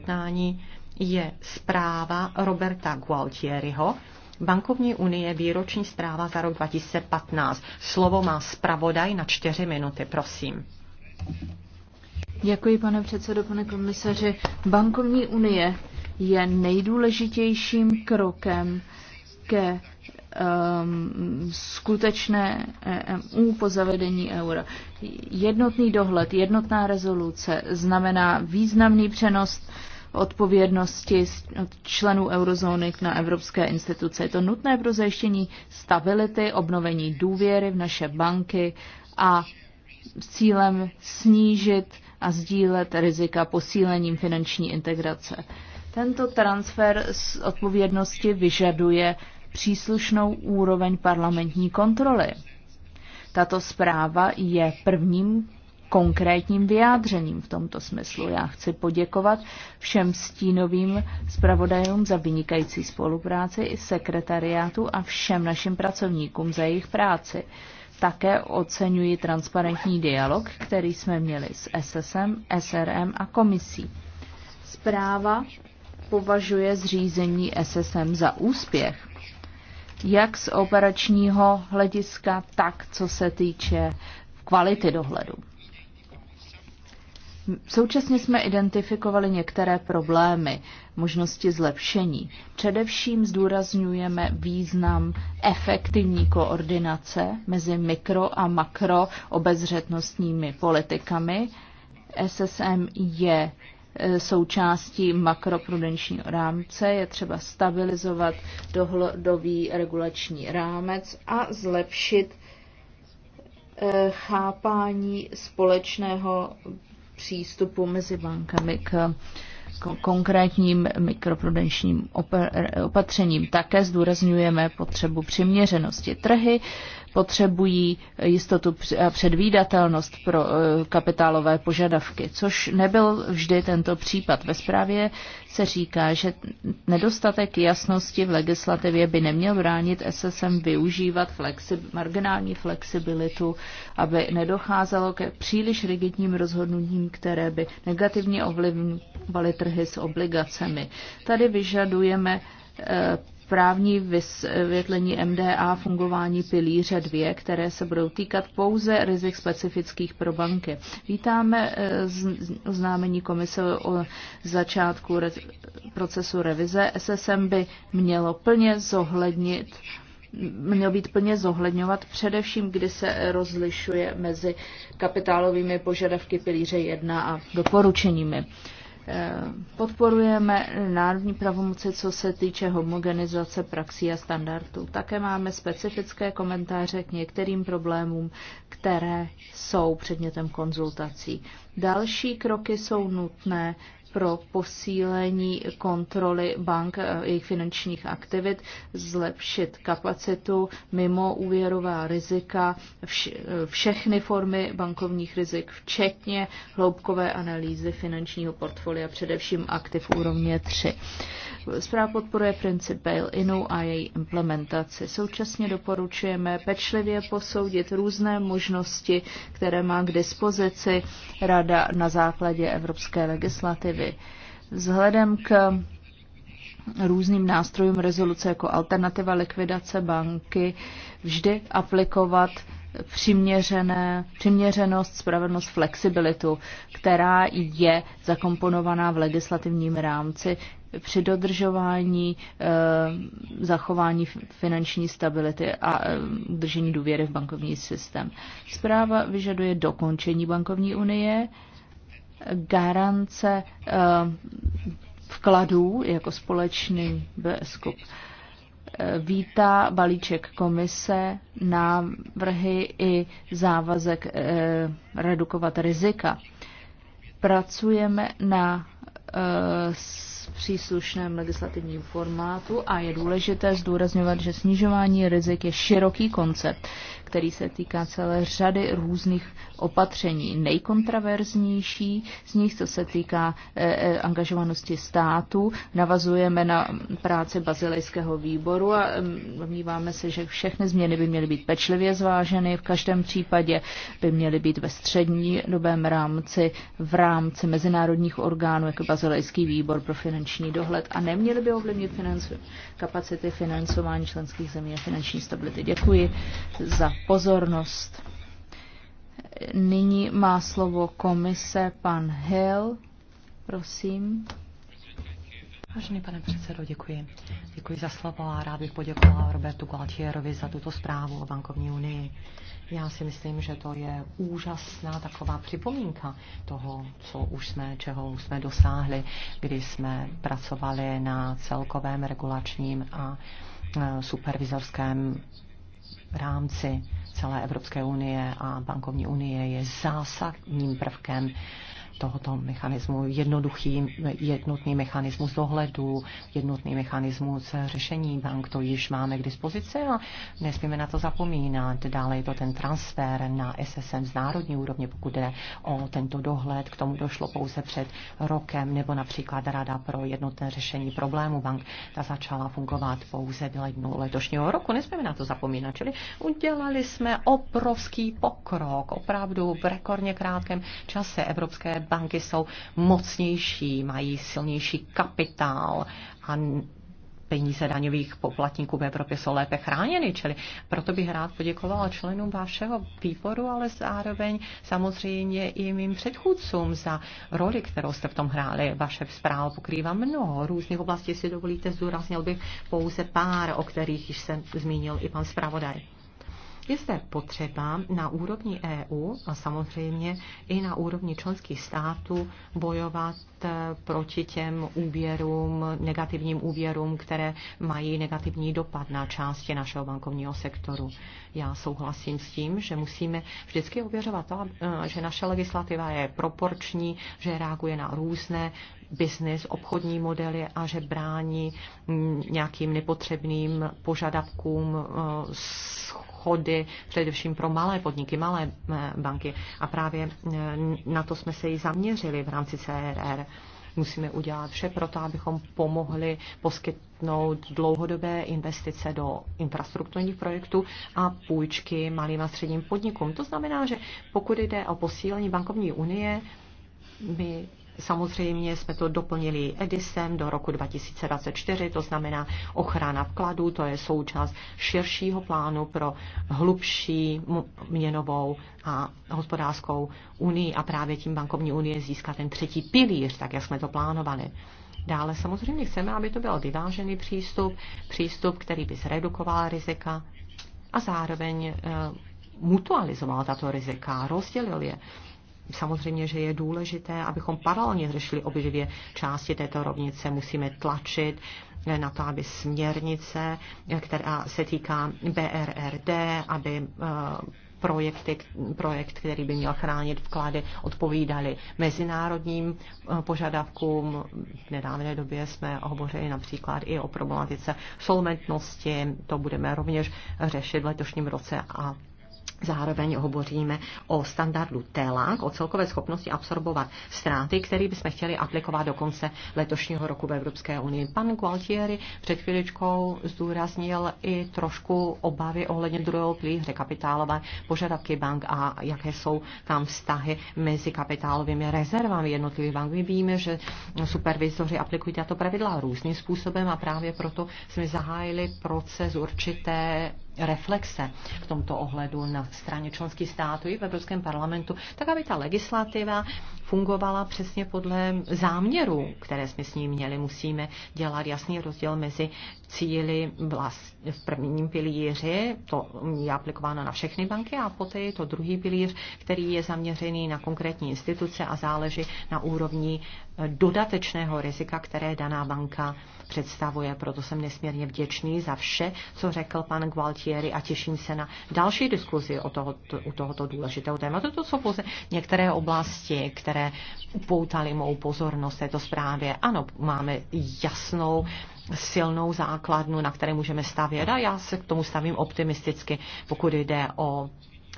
jednání je zpráva Roberta Gualtieriho, Bankovní unie výroční zpráva za rok 2015. Slovo má zpravodaj na čtyři minuty, prosím. Děkuji, pane předsedo, pane komisaři. Bankovní unie je nejdůležitějším krokem ke um, skutečné EMU po zavedení eura. Jednotný dohled, jednotná rezoluce znamená významný přenos odpovědnosti od členů eurozóny na evropské instituce. Je to nutné pro zajištění stability, obnovení důvěry v naše banky a s cílem snížit a sdílet rizika posílením finanční integrace. Tento transfer z odpovědnosti vyžaduje příslušnou úroveň parlamentní kontroly. Tato zpráva je prvním konkrétním vyjádřením v tomto smyslu. Já chci poděkovat všem stínovým zpravodajům za vynikající spolupráci i sekretariátu a všem našim pracovníkům za jejich práci. Také oceňuji transparentní dialog, který jsme měli s SSM, SRM a komisí. Zpráva považuje zřízení SSM za úspěch jak z operačního hlediska, tak co se týče kvality dohledu. Současně jsme identifikovali některé problémy, možnosti zlepšení. Především zdůrazňujeme význam efektivní koordinace mezi mikro a makro obezřetnostními politikami. SSM je Eh, součástí makroprudenčního rámce. Je třeba stabilizovat dohledový regulační rámec a zlepšit eh, chápání společného přístupu mezi bankami k konkrétním mikroprudenčním opatřením. Také zdůrazňujeme potřebu přiměřenosti. Trhy potřebují jistotu a předvídatelnost pro eh, kapitálové požadavky, což nebyl vždy tento případ. Ve zprávě se říká, že nedostatek jasnosti v legislativě by neměl bránit SSM využívat flexi- marginální flexibilitu, aby nedocházelo ke příliš rigidním rozhodnutím, které by negativně ovlivňovaly trhy s obligacemi. Tady vyžadujeme eh, právní vysvětlení MDA fungování pilíře 2, které se budou týkat pouze rizik specifických pro banky. Vítáme eh, oznámení komise o začátku procesu revize. SSM by mělo plně zohlednit měl být plně zohledňovat především, kdy se rozlišuje mezi kapitálovými požadavky pilíře 1 a doporučeními. Eh, podporujeme národní pravomoci, co se týče homogenizace praxí a standardů. Také máme specifické komentáře k některým problémům, které jsou předmětem konzultací. Další kroky jsou nutné pro posílení kontroly bank a eh, jejich finančních aktivit, zlepšit kapacitu mimo úvěrová rizika, eh, všechny formy bankovních rizik, včetně hloubkové analýzy finančního portfolia, především aktiv úrovně 3. Zpráva podporuje princip bail-inu a její implementaci. Současně doporučujeme pečlivě posoudit různé možnosti, které má k dispozici Rada na základě evropské legislativy dohody. Vzhledem k různým nástrojům rezoluce jako alternativa likvidace banky vždy aplikovat přiměřené, přiměřenost, spravedlnost, flexibilitu, která je zakomponovaná v legislativním rámci při dodržování e, zachování finanční stability a e, eh, držení důvěry v bankovní systém. Zpráva vyžaduje dokončení bankovní unie, e, garance eh, vkladů jako společný biskup. Eh, vítá balíček komise, návrhy i závazek eh, redukovat rizika. Pracujeme na příslušném legislativním formátu a je důležité zdůrazňovat, že snižování rizik je široký koncept, který se týká celé řady různých opatření. Nejkontraverznější z nich, co se týká e, e, angažovanosti státu, navazujeme na práci bazilejského výboru a domníváme se, že všechny změny by měly být pečlivě zváženy, v každém případě by měly být ve střední dobém rámci, v rámci mezinárodních orgánů, jako Bazilejský výbor pro finanční dohled a neměly by ovlivnit financu, kapacity financování členských zemí a finanční stability. Děkuji za pozornost. Nyní má slovo komise pan Hill. Prosím. Vážený pane předsedo, děkuji. Děkuji za slovo a rád bych poděkovala Robertu Galtierovi za tuto zprávu o bankovní unii. Já si myslím, že to je úžasná taková připomínka toho, co už jsme, čeho už jsme dosáhli, kdy jsme pracovali na celkovém regulačním a e, supervizorském v rámci celé Evropské unie a bankovní unie je zásadním prvkem tohoto mechanismu, jednoduchý, jednotný mechanismus dohledu, jednotný mechanismus řešení bank, to již máme k dispozici a nesmíme na to zapomínat. Dále je to ten transfer na SSM z národní úrovně, pokud jde o tento dohled, k tomu došlo pouze před rokem, nebo například Rada pro jednotné řešení problému bank, ta začala fungovat pouze v lednu letošního roku, nesmíme na to zapomínat, čili udělali jsme obrovský pokrok, opravdu v rekordně krátkém čase Evropské banky jsou mocnější, mají silnější kapitál a peníze daňových poplatníků v Evropě jsou lépe chráněny, čili proto bych rád poděkovala členům vašeho výboru, ale zároveň samozřejmě i mým předchůdcům za roli, kterou jste v tom hráli. Vaše zpráva pokrývá mnoho různých oblastí, jestli dovolíte, zdůraznil bych pouze pár, o kterých již jsem zmínil i pan zpravodaj. Je zde potřeba na úrovni EU a samozřejmě i na úrovni členských států bojovat eh, proti těm úvěrům, negativním úvěrům, které mají negativní dopad na části našeho bankovního sektoru. Já souhlasím s tím, že musíme vždycky ověřovat to, eh, že naše legislativa je proporční, že reaguje na různé biznis, obchodní modely a že brání mm, nějakým nepotřebným požadavkům eh, obchody, především pro malé podniky, malé eh, banky. A právě eh, na to jsme se i zaměřili v rámci CRR musíme udělat vše pro to, abychom pomohli poskytnout dlouhodobé investice do infrastrukturních projektů a půjčky malým a středním podnikům. To znamená, že pokud jde o posílení bankovní unie, my Samozřejmě jsme to doplnili EDISem do roku 2024, to znamená ochrana vkladů, to je součást širšího plánu pro hlubší měnovou a hospodářskou unii a právě tím bankovní unie získá ten třetí pilíř, tak jak jsme to plánovali. Dále samozřejmě chceme, aby to byl vyvážený přístup, přístup, který by zredukoval rizika a zároveň eh, mutualizoval tato rizika, rozdělil je. Samozřejmě, že je důležité, abychom paralelně řešili obě dvě části této rovnice. Musíme tlačit na to, aby směrnice, která se týká BRRD, aby eh, projekty, projekt, který by měl chránit vklady, odpovídaly mezinárodním eh, požadavkům. V nedávné době jsme hovořili například i o problematice solventnosti, to budeme rovněž řešit v letošním roce a Zároveň hovoříme o standardu TELAC, o celkové schopnosti absorbovat ztráty, který bychom chtěli aplikovat do konce letošního roku v Evropské unii. Pan Gualtieri před chvíličkou zdůraznil i trošku obavy ohledně druhého pilíře kapitálové požadavky bank a jaké jsou tam vztahy mezi kapitálovými rezervami jednotlivých bank. My víme, že supervizoři aplikují tato pravidla různým způsobem a právě proto jsme zahájili proces určité reflexe v tomto ohledu na straně členských států i v Evropském parlamentu, tak aby ta legislativa fungovala přesně podle záměru, které jsme s ní měli. Musíme dělat jasný rozdíl mezi cíly vlast, v prvním pilíři, to je aplikováno na všechny banky, a poté je to druhý pilíř, který je zaměřený na konkrétní instituce a záleží na úrovni dodatečného rizika, které daná banka představuje. Proto jsem nesmírně vděčný za vše, co řekl pan Gualtieri a těším se na další diskuzi o tohoto, u tohoto důležitého tématu. To jsou pouze některé oblasti, které upoutaly mou pozornost této zprávě. Ano, máme jasnou silnou základnu, na které můžeme stavět a já se k tomu stavím optimisticky, pokud jde o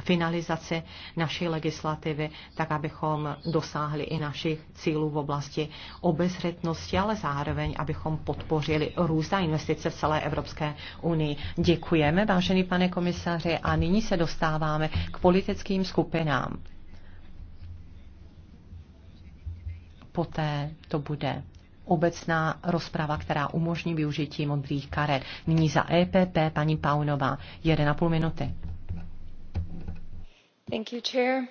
finalizaci naší legislativy, tak abychom dosáhli i našich cílů v oblasti obezřetnosti, ale zároveň, abychom podpořili různá investice v celé Evropské unii. Děkujeme, vážený pane komisaři, a nyní se dostáváme k politickým skupinám. Poté to bude obecná rozprava, která umožní využití modrých karet. Nyní za EPP paní Paunová, 1,5 minuty. You, Chair,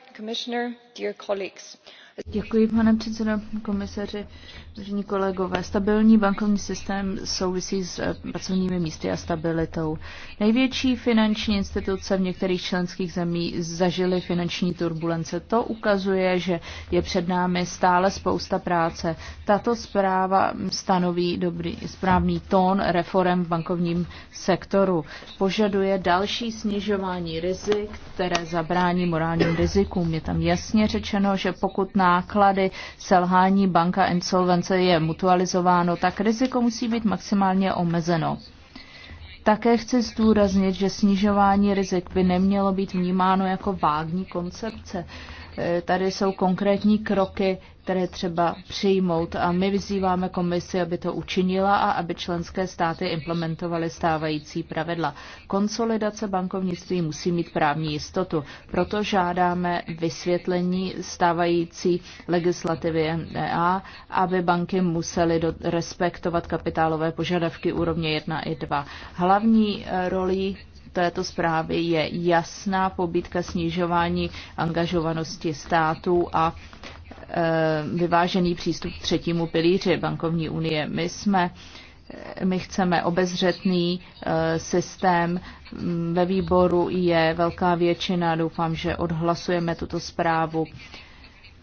Děkuji, pane předsedající komisaři Vážení kolegové, stabilní bankovní systém souvisí s eh, pracovními místy a stabilitou. Největší finanční instituce v některých členských zemí zažily finanční turbulence. To ukazuje, že je před námi stále spousta práce. Tato zpráva stanoví dobrý, správný tón reform v bankovním sektoru. Požaduje další snižování rizik, které zabrání morálním rizikům. Je tam jasně řečeno, že pokud náklady selhání banka insolvence dokonce je mutualizováno, tak riziko musí být maximálně omezeno. Také chci zdůraznit, že snižování rizik by nemělo být vnímáno jako vágní koncepce. Eh, tady jsou konkrétní kroky, které třeba přijmout a my vyzýváme komisi, aby to učinila a aby členské státy implementovaly stávající pravidla. Konsolidace bankovnictví musí mít právní jistotu, proto žádáme vysvětlení stávající legislativy MDA, e aby banky musely do, respektovat kapitálové požadavky úrovně 1 i 2. Hlavní eh, roli této zprávy je jasná pobytka snižování angažovanosti států a e, vyvážený přístup k třetímu pilíři bankovní unie. My jsme e, my chceme obezřetný e, systém. Ve výboru je velká většina. Doufám, že odhlasujeme tuto zprávu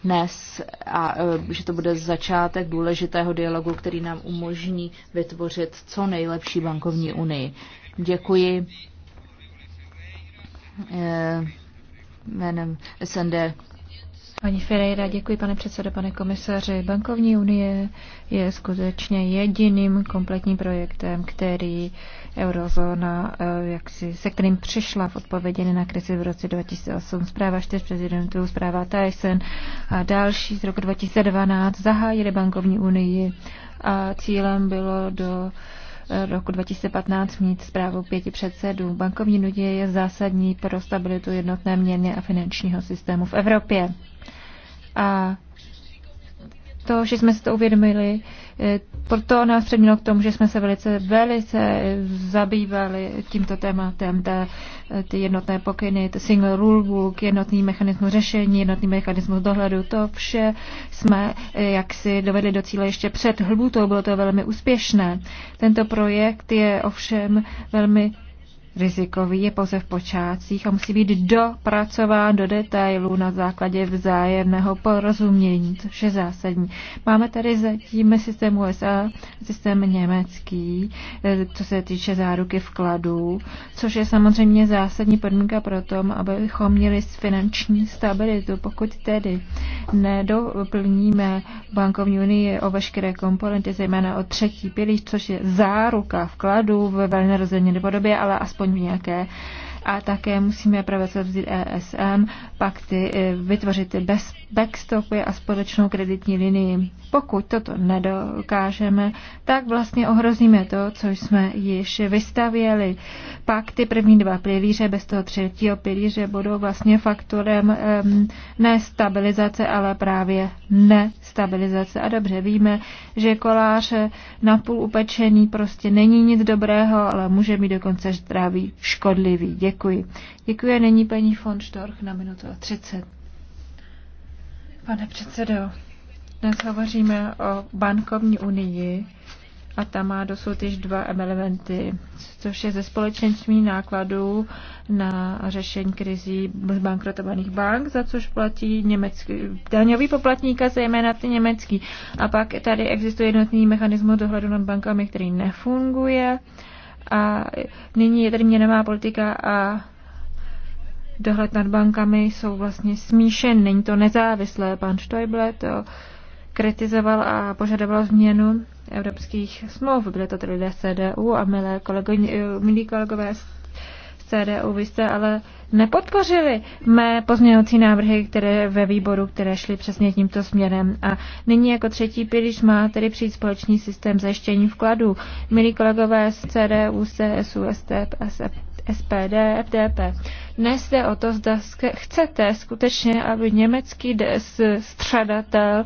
dnes a že to bude začátek důležitého dialogu, který nám umožní vytvořit co nejlepší bankovní unii. Děkuji Eh, jménem SND. Paní Ferreira, děkuji pane předsedo, pane komisaři. Bankovní unie je skutečně jediným kompletním projektem, který eurozóna, eh, jak si, se kterým přišla v odpovědi na krizi v roce 2008. Zpráva 4 prezidentů, zpráva Tyson a další z roku 2012 zahájili bankovní unii a cílem bylo do roku 2015 mít zprávu pěti předsedů. Bankovní nudě je zásadní pro stabilitu jednotné měny a finančního systému v Evropě. A to, že jsme si to uvědomili, eh, proto nás předmělo k tomu, že jsme se velice, velice eh, zabývali tímto tématem, ta, eh, ty jednotné pokyny, ty single rulebook, jednotný mechanismus řešení, jednotný mechanismus dohledu, to vše jsme jaksi dovedli do cíle ještě před hlutou, bylo to velmi úspěšné. Tento projekt je ovšem velmi rizikový, je pouze v počátcích a musí být dopracován do detailů na základě vzájemného porozumění, což je zásadní. Máme tady zatím systém USA, systém německý, eh, co se týče záruky vkladů, což je samozřejmě zásadní podmínka pro tom, abychom měli finanční stabilitu. Pokud tedy nedoplníme bankovní unii o veškeré komponenty, zejména o třetí pilíř, což je záruka vkladů ve velmi podobě, ale aspoň aspoň v nějaké a také musíme právě vzít ESM, ty e, vytvořit bez backstopy a společnou kreditní linii. Pokud toto nedokážeme, tak vlastně ohrozíme to, co jsme již vystavěli. Pak ty první dva pilíře bez toho třetího pilíře budou vlastně faktorem um, nestabilizace, ale právě nestabilizace. A dobře víme, že kolář napůl upečený prostě není nic dobrého, ale může být dokonce zdravý škodlivý. Děkuji. Děkuji. Děkuji a nyní paní von Storch na minutu a 30. Pane předsedo, dnes hovoříme o bankovní unii a ta má dosud již dva elementy, což je ze společenství nákladů na řešení krizí zbankrotovaných bank, za což platí německý, daňový a zejména ty německý. A pak tady existuje jednotný mechanismus dohledu nad bankami, který nefunguje. Uh, a nyní je tady měnová politika a dohled nad bankami jsou vlastně smíšen. Není to nezávislé. Pan Stoible to kritizoval a požadoval změnu evropských smluv. Byly to tedy CDU a milé kolego, milí kolegové z CDU, vy jste ale nepodpořili mé pozměňovací návrhy, které ve výboru, které šly přesně tímto směrem. A nyní jako třetí pilíř má tedy přijít společný systém zajištění vkladů. Milí kolegové z CDU, CSU, STP, SPD, FDP. Dnes jde o to, zda chcete skutečně, aby německý střadatel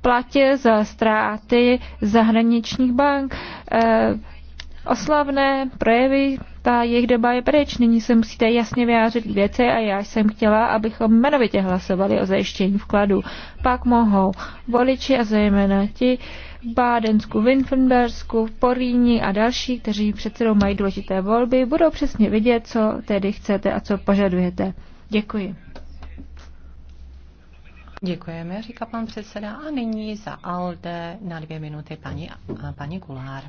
platil za ztráty zahraničních bank. E oslavné projevy, ta jejich doba je pryč, nyní se musíte jasně vyjádřit k věci a já jsem chtěla, abychom jmenovitě hlasovali o zajištění vkladu. Pak mohou voliči a zejména ti v Bádensku, Winfenbersku, v Poríní a další, kteří předsedou mají důležité volby, budou přesně vidět, co tedy chcete a co požadujete. Děkuji. Děkujeme, říká pan předseda. A nyní za ALDE na dvě minuty paní, paní Kulár.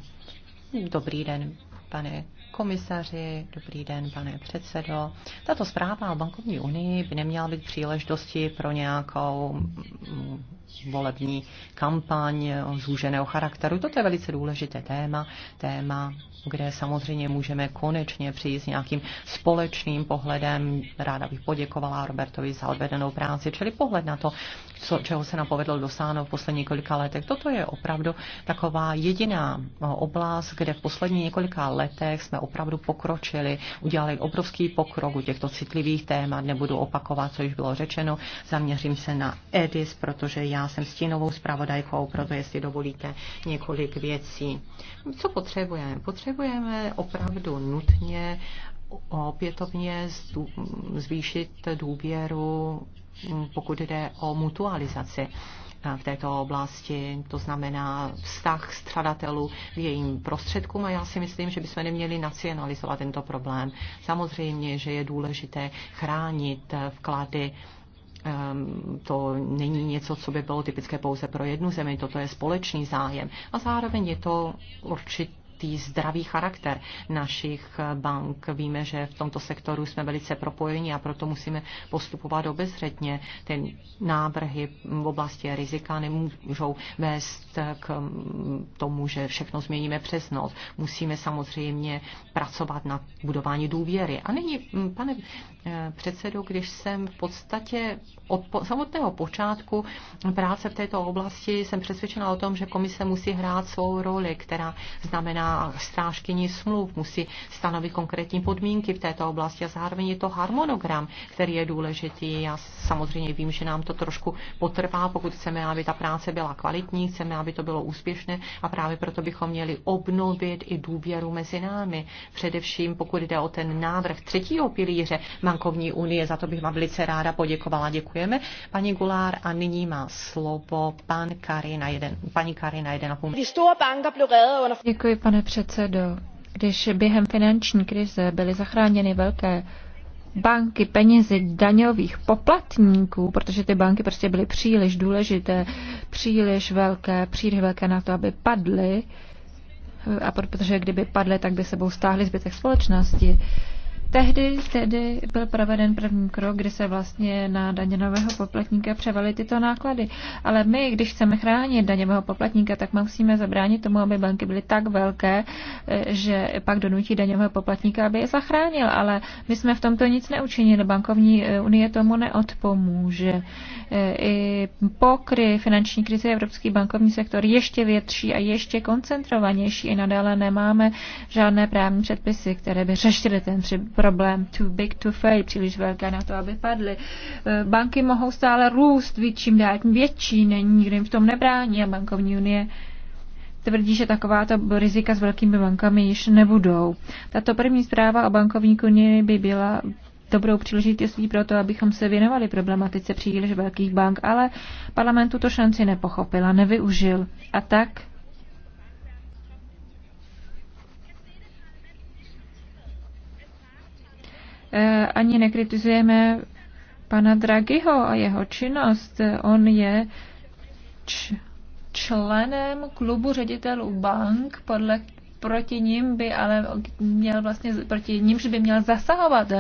Dobrý den, pane komisaři, dobrý den, pane předsedo. Tato zpráva o bankovní unii by neměla být příležitosti pro nějakou volební kampaň zúženého charakteru. Toto je velice důležité téma, téma, kde samozřejmě můžeme konečně přijít s nějakým společným pohledem. Ráda bych poděkovala Robertovi za odvedenou práci, čili pohled na to, co, čeho se nám povedlo dosáhnout v posledních několika letech. Toto je opravdu taková jediná oblast, kde v posledních několika letech jsme opravdu pokročili, udělali obrovský pokrok u těchto citlivých témat. Nebudu opakovat, co již bylo řečeno. Zaměřím se na EDIS, protože já já jsem stínovou zpravodajkou, proto jestli dovolíte několik věcí. Co potřebujeme? Potřebujeme opravdu nutně opětovně zvýšit důvěru, pokud jde o mutualizaci v této oblasti, to znamená vztah střadatelů k jejím prostředkům a já si myslím, že bychom neměli nacionalizovat tento problém. Samozřejmě, že je důležité chránit vklady Ehm, to není něco, co by bylo typické pouze pro jednu zemi, toto je společný zájem. A zároveň je to určitě určitý zdravý charakter našich bank. Víme, že v tomto sektoru jsme velice propojeni a proto musíme postupovat obezřetně. Ty návrhy v oblasti rizika nemůžou vést k tomu, že všechno změníme přes noc. Musíme samozřejmě pracovat na budování důvěry. A nyní, pane eh, předsedo, když jsem v podstatě od samotného počátku práce v této oblasti, jsem přesvědčena o tom, že komise musí hrát svou roli, která znamená na strážkyni smluv, musí stanovit konkrétní podmínky v této oblasti a zároveň je to harmonogram, který je důležitý. Já samozřejmě vím, že nám to trošku potrvá, pokud chceme, aby ta práce byla kvalitní, chceme, aby to bylo úspěšné a právě proto bychom měli obnovit i důvěru mezi námi. Především pokud jde o ten návrh třetího pilíře bankovní unie, za to bych vám velice ráda poděkovala. Děkujeme, paní Gulár, a nyní má slovo pan Karina jeden, paní Karina 1,5. Děkuji, pane Pane předsedo, když během finanční krize byly zachráněny velké banky penězi daňových poplatníků, protože ty banky prostě byly příliš důležité, příliš velké, příliš velké na to, aby padly, a protože kdyby padly, tak by sebou stáhly zbytek společnosti, Tehdy tedy byl proveden první krok, kdy se vlastně na nového poplatníka převaly tyto náklady. Ale my, když chceme chránit daňového poplatníka, tak musíme zabránit tomu, aby banky byly tak velké, eh, že pak donutí daňového poplatníka, aby je zachránil. Ale my jsme v tomto nic neučinili. Bankovní eh, unie tomu neodpomůže. Eh, I po kry, finanční krize evropský bankovní sektor ještě větší a ještě koncentrovanější. I nadále nemáme žádné právní předpisy, které by řešily ten při problém too big to fail, příliš velké na to, aby padly. Eh, banky mohou stále růst, větším tím větší, není nikdo jim v tom nebrání a bankovní unie tvrdí, že takováto rizika s velkými bankami již nebudou. Tato první zpráva o bankovní unii by byla dobrou příležitostí pro to, abychom se věnovali problematice příliš velkých bank, ale parlamentu to šanci nepochopil a nevyužil. A tak Eh, ani nekritizujeme pana Draghiho a jeho činnost. On je členem klubu ředitelů bank, podle proti ním by ale měl vlastně, proti ním že by měl zasahovat.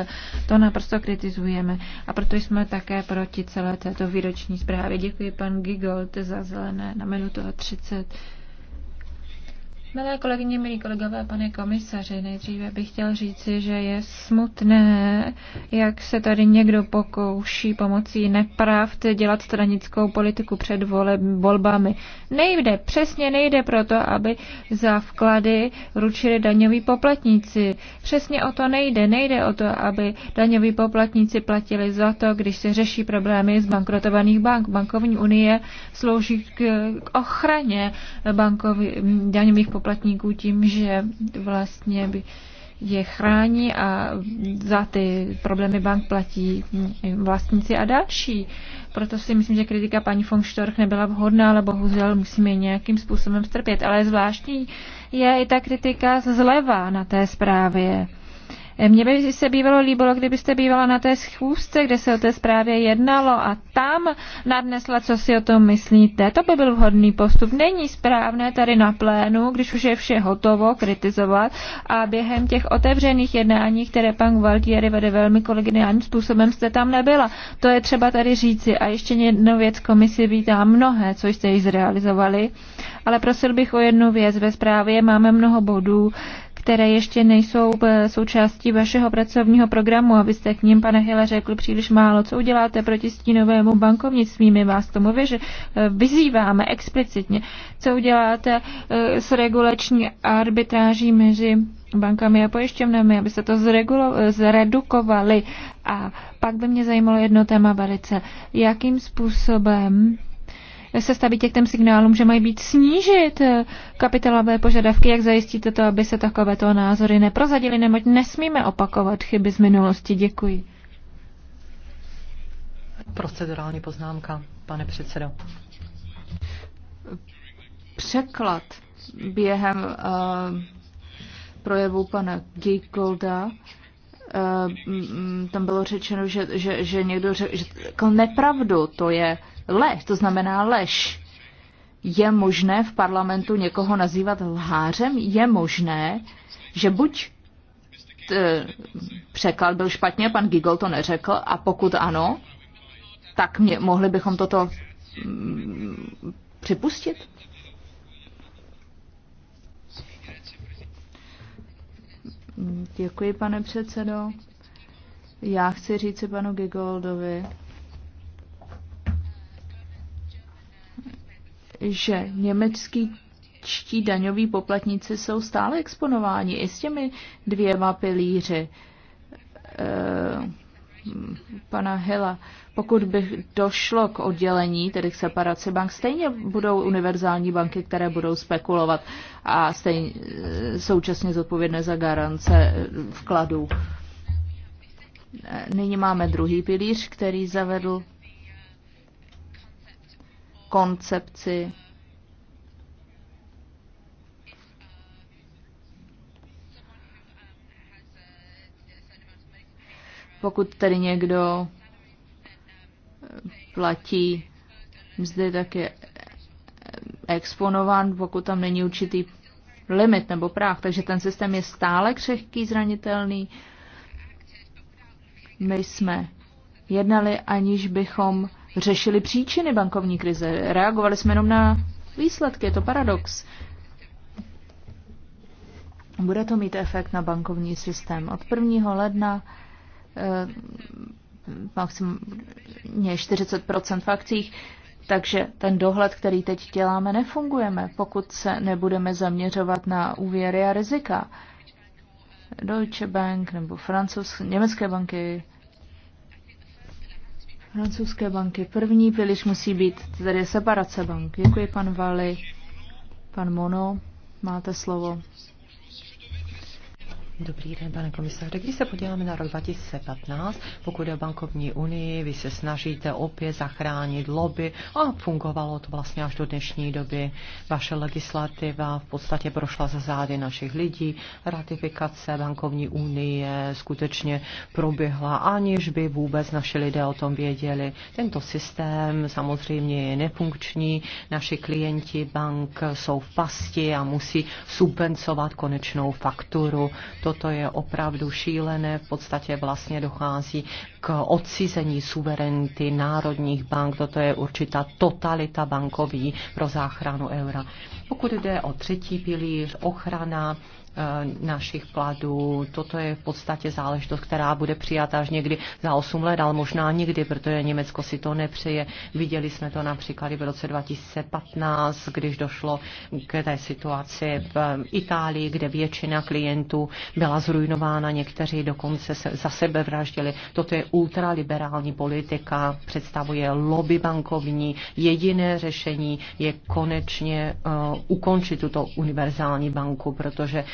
To naprosto kritizujeme. A proto jsme také proti celé této výroční zprávě. Děkuji pan Gigold za zelené na minutu 30. Milé kolegyně, milí kolegové, pane komisaři, nejdříve bych chtěl říci, že je smutné, jak se tady někdo pokouší pomocí nepravd dělat stranickou politiku před volbami. Nejde, přesně nejde proto, aby za vklady ručili daňoví poplatníci. Přesně o to nejde. Nejde o to, aby daňoví poplatníci platili za to, když se řeší problémy z bankrotovaných bank. Bankovní unie slouží k ochraně bankovi, daňových poplatníků poplatníků tím, že vlastně by je chrání a za ty problémy bank platí vlastníci a další. Proto si myslím, že kritika paní von Storch nebyla vhodná, ale bohužel musíme nějakým způsobem strpět. Ale zvláštní je i ta kritika zleva na té zprávě. Mně by se bývalo líbilo, kdybyste bývala na té schůzce, kde se o té zprávě jednalo a tam nadnesla, co si o tom myslíte. To by byl vhodný postup. Není správné tady na plénu, když už je vše hotovo, kritizovat a během těch otevřených jednání, které pan Gualtieri vede velmi kolegiálním způsobem, jste tam nebyla. To je třeba tady říci. A ještě jednu věc komisi vítá mnohé, co jste již zrealizovali. Ale prosil bych o jednu věc. Ve zprávě máme mnoho bodů, které ještě nejsou v eh, součástí vašeho pracovního programu, abyste k ním, pane Hila, řekl příliš málo. Co uděláte proti stínovému bankovnictví? My vás tomu věře, eh, vyzýváme explicitně. Co uděláte eh, s regulační arbitráží mezi bankami a pojišťovnami, aby se to zregulo- zredukovali. A pak by mě zajímalo jedno téma velice. Jakým způsobem se staví k těm signálům, že mají být snížit eh, kapitálové požadavky, jak zajistíte to, aby se takovéto názory neprozadily, neboť nesmíme opakovat chyby z minulosti. Děkuji. Procedurální poznámka, pane předsedo. Překlad během uh, projevu pana Gigolda eh, tam bylo řečeno, že, že, že někdo řekl, že nepravdu, to je Le, to znamená lež. Je možné v parlamentu někoho nazývat lhářem? Je možné, že buď t, eh, překlad byl špatně, pan Gigol to neřekl, a pokud ano, tak mě, mohli bychom toto m, mm, připustit? Děkuji, pane předsedo. Já chci říci panu Gigoldovi, že německý čtí daňoví poplatníci jsou stále exponováni i s těmi dvěma pilíři eh, pana Hela. pokud by došlo k oddělení, tedy k separaci bank, stejně budou univerzální banky, které budou spekulovat a stejně, eh, současně zodpovědné za garance eh, vkladů. Nyní máme druhý pilíř, který zavedl koncepci pokud tedy někdo platí mzdy, tak je exponován, pokud tam není určitý limit nebo práh. Takže ten systém je stále křehký, zranitelný. My jsme jednali, aniž bychom řešili příčiny bankovní krize. Reagovali jsme jenom na výsledky, je to paradox. Bude to mít efekt na bankovní systém. Od 1. ledna eh, maximálně 40 v akcích, takže ten dohled, který teď děláme, nefungujeme, pokud se nebudeme zaměřovat na úvěry a rizika. Deutsche Bank nebo francouz, německé banky, Francouzské banky. První pilíř musí být tedy separace bank. Děkuji, pan Vali. Pan Mono, máte slovo. Dobrý den, pane komisaře. Když se podíváme na rok 2015, pokud je o bankovní unii, vy se snažíte opět zachránit lobby a fungovalo to vlastně až do dnešní doby. Vaše legislativa v podstatě prošla za zády našich lidí. Ratifikace bankovní unie skutečně proběhla, aniž by vůbec naši lidé o tom věděli. Tento systém samozřejmě je nefunkční. Naši klienti bank jsou v pasti a musí subvencovat konečnou fakturu. To Toto je opravdu šílené. V podstatě vlastně dochází k odcizení suverenity národních bank. Toto je určitá totalita bankovní pro záchranu eura. Pokud jde o třetí pilíř, ochrana Eh, našich pladů. Toto je v podstatě záležitost, která bude přijata až někdy za 8 let, ale možná nikdy, protože Německo si to nepřeje. Viděli jsme to například i v roce 2015, když došlo k té situaci v Itálii, kde většina klientů byla zrujnována, někteří dokonce se za sebe vraždili. Toto je ultraliberální politika, představuje lobby bankovní. Jediné řešení je konečně uh, ukončit tuto univerzální banku, protože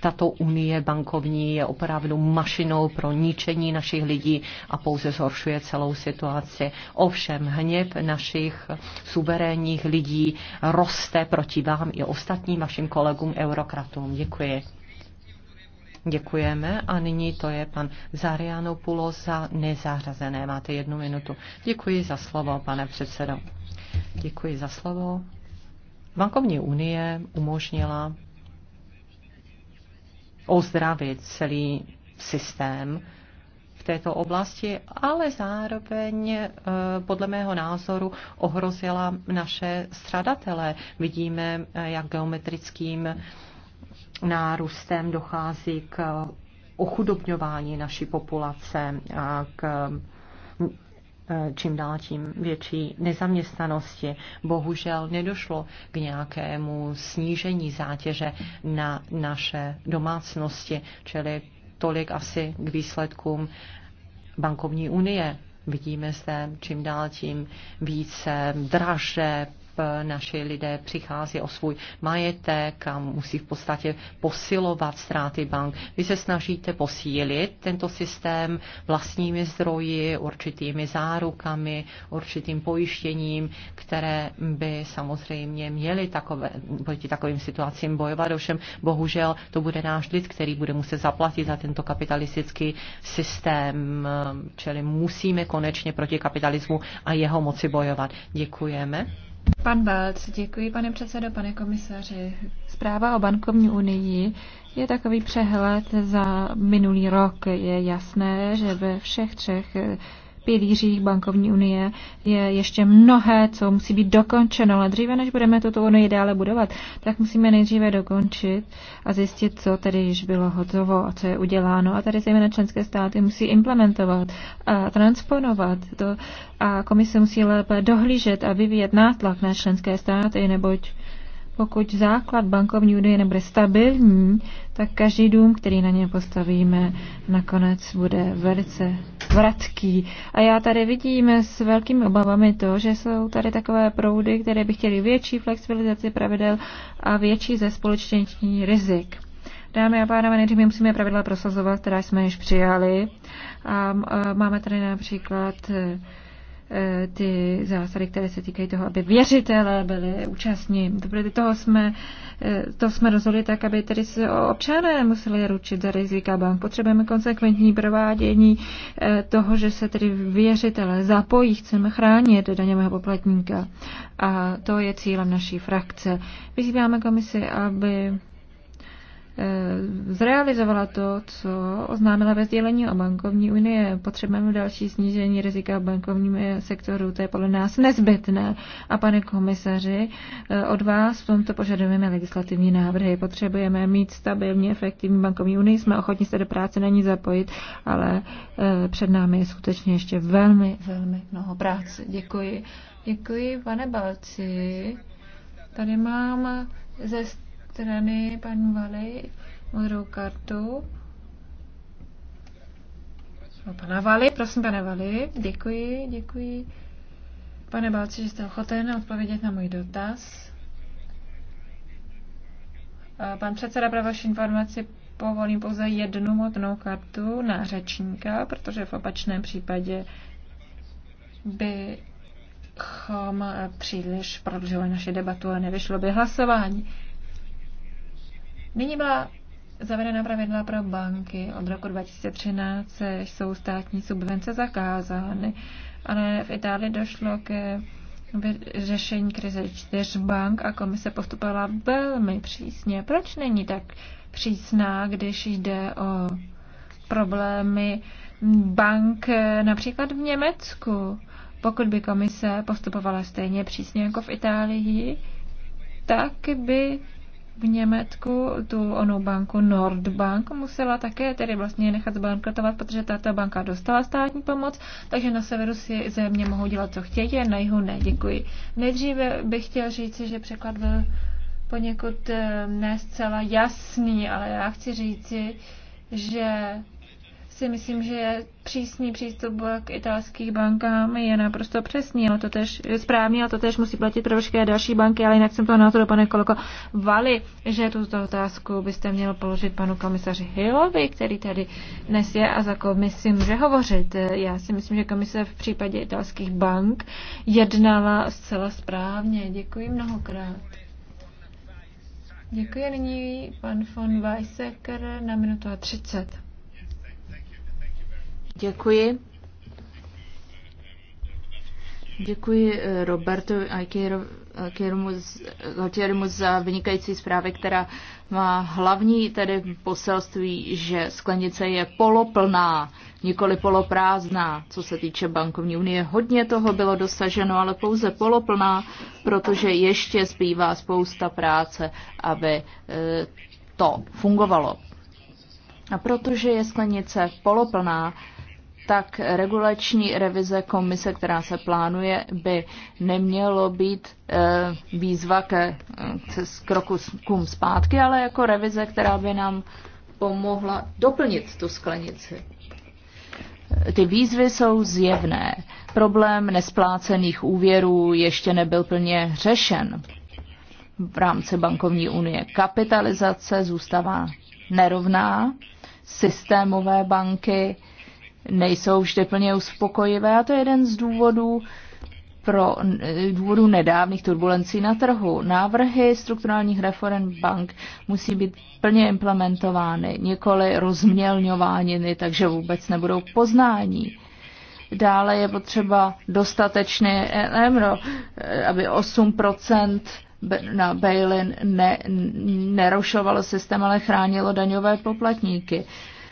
tato unie bankovní je opravdu mašinou pro ničení našich lidí a pouze zhoršuje celou situaci. Ovšem hněv našich suverénních lidí roste proti vám i ostatním vašim kolegům eurokratům. Děkuji. Děkujeme a nyní to je pan Zarianopoulos za nezařazené. Máte jednu minutu. Děkuji za slovo, pane předsedo. Děkuji za slovo. Bankovní unie umožnila ozdravit celý systém v této oblasti, ale zároveň eh, podle mého názoru ohrozila naše stradatele. Vidíme, eh, jak geometrickým nárůstem dochází k eh, ochudobňování naší populace a k Eh, čím dál tím větší nezaměstnanosti. Bohužel nedošlo k nějakému snížení zátěže na naše domácnosti, čili tolik asi k výsledkům bankovní unie. Vidíme zde čím dál tím více draže, naši lidé přichází o svůj majetek a musí v podstatě posilovat ztráty bank. Vy se snažíte posílit tento systém vlastními zdroji, určitými zárukami, určitým pojištěním, které by samozřejmě měly takové, proti takovým situacím bojovat. Ovšem, bohužel, to bude náš lid, který bude muset zaplatit za tento kapitalistický systém. Čili musíme konečně proti kapitalismu a jeho moci bojovat. Děkujeme. Pan Balc, děkuji pane předsedo, pane komisaři. Zpráva o bankovní unii je takový přehled za minulý rok. Je jasné, že ve všech třech pilířích bankovní unie je ještě mnohé, co musí být dokončeno, ale dříve, než budeme toto unii dále budovat, tak musíme nejdříve dokončit a zjistit, co tedy již bylo hotovo a co je uděláno. A tady zejména členské státy musí implementovat a transponovat to a komise musí lépe dohlížet a vyvíjet nátlak na členské státy, neboť pokud základ bankovní údaje nebude stabilní, tak každý dům, který na něm postavíme, nakonec bude velice vratký. A já tady vidím s velkými obavami to, že jsou tady takové proudy, které by chtěly větší flexibilizaci pravidel a větší zespolečnění rizik. Dámy a pánové, nejdřív musíme pravidla prosazovat, která jsme již přijali. A máme tady například eh, E, ty zásady, které se týkají toho, aby věřitelé byli účastní. Dobře, toho jsme, e, to jsme rozhodli tak, aby tedy se občané museli ručit za rizika bank. Potřebujeme konsekventní provádění e, toho, že se tedy věřitelé zapojí, chceme chránit daňového poplatníka. A to je cílem naší frakce. Vyzýváme komisi, aby Eh, zrealizovala to, co oznámila ve sdělení o bankovní unie. Potřebujeme další snížení rizika v bankovním eh, sektoru, to je podle nás nezbytné. A pane komisaři, eh, od vás v tomto požadujeme legislativní návrhy. Potřebujeme mít stabilní, efektivní bankovní unii, jsme ochotni se do práce na ní zapojit, ale před námi je skutečně ještě velmi, velmi mnoho práce. Děkuji. Děkuji, pane Balci. Tady mám ze strany pan Vali modrou kartu. No, pana Vali, prosím, pane Vali, děkuji, děkuji. Pane Balci, že jste ochoten odpovědět na můj dotaz. Pan předseda, pro vaši informaci, povolím pouze jednu modnou kartu na řečníka, protože v opačném případě bychom příliš prodlužovali naši debatu a nevyšlo by hlasování. Nyní byla zavedena pravidla pro banky. Od roku 2013 jsou státní subvence zakázány, ale v Itálii došlo k řešení krize čtyř bank a komise postupovala velmi přísně. Proč není tak přísná, když jde o problémy bank eh, například v Německu? Pokud by komise postupovala stejně přísně jako v Itálii, tak by v Německu tu onu banku Nordbank musela také tedy vlastně nechat zbankrotovat, protože tato banka dostala státní pomoc, takže na severu si země mohou dělat, co chtějí, a na jihu ne. Děkuji. Nejdříve bych chtěl říct, že překlad byl poněkud eh, ne zcela jasný, ale já chci říci, že si myslím, že přísný přístup k italských bankám je naprosto přesný, ale to tež je správný, ale to tež musí platit pro všechny další banky, ale jinak jsem to názoru, pane Koloko, Vali, že tuto otázku byste měl položit panu komisaři Hillovi, který tady dnes je a za komisi může hovořit. Já si myslím, že komise v případě italských bank jednala zcela správně. Děkuji mnohokrát. Děkuji nyní pan von Weissecker na minutu a 30. Děkuji. Děkuji eh, Robertu Altierimu za vynikající zprávy, která má hlavní tedy poselství, že sklenice je poloplná, nikoli poloprázdná, co se týče bankovní unie. Hodně toho bylo dosaženo, ale pouze poloplná, protože ještě zbývá spousta práce, aby eh, to fungovalo. A protože je sklenice poloplná, tak regulační revize komise, která se plánuje, by nemělo být eh, výzva ke, eh, k kroku kům zpátky, ale jako revize, která by nám pomohla doplnit tu sklenici. Ty výzvy jsou zjevné. Problém nesplácených úvěrů ještě nebyl plně řešen v rámci bankovní unie. Kapitalizace zůstává nerovná, systémové banky, nejsou vždy plně uspokojivé a to je jeden z důvodů pro důvodu nedávných turbulencí na trhu. Návrhy strukturálních reform bank musí být plně implementovány, nikoli rozmělňovány, takže vůbec nebudou poznání. Dále je potřeba dostatečné euro, aby 8 na bail-in ne, nerušovalo systém, ale chránilo daňové poplatníky.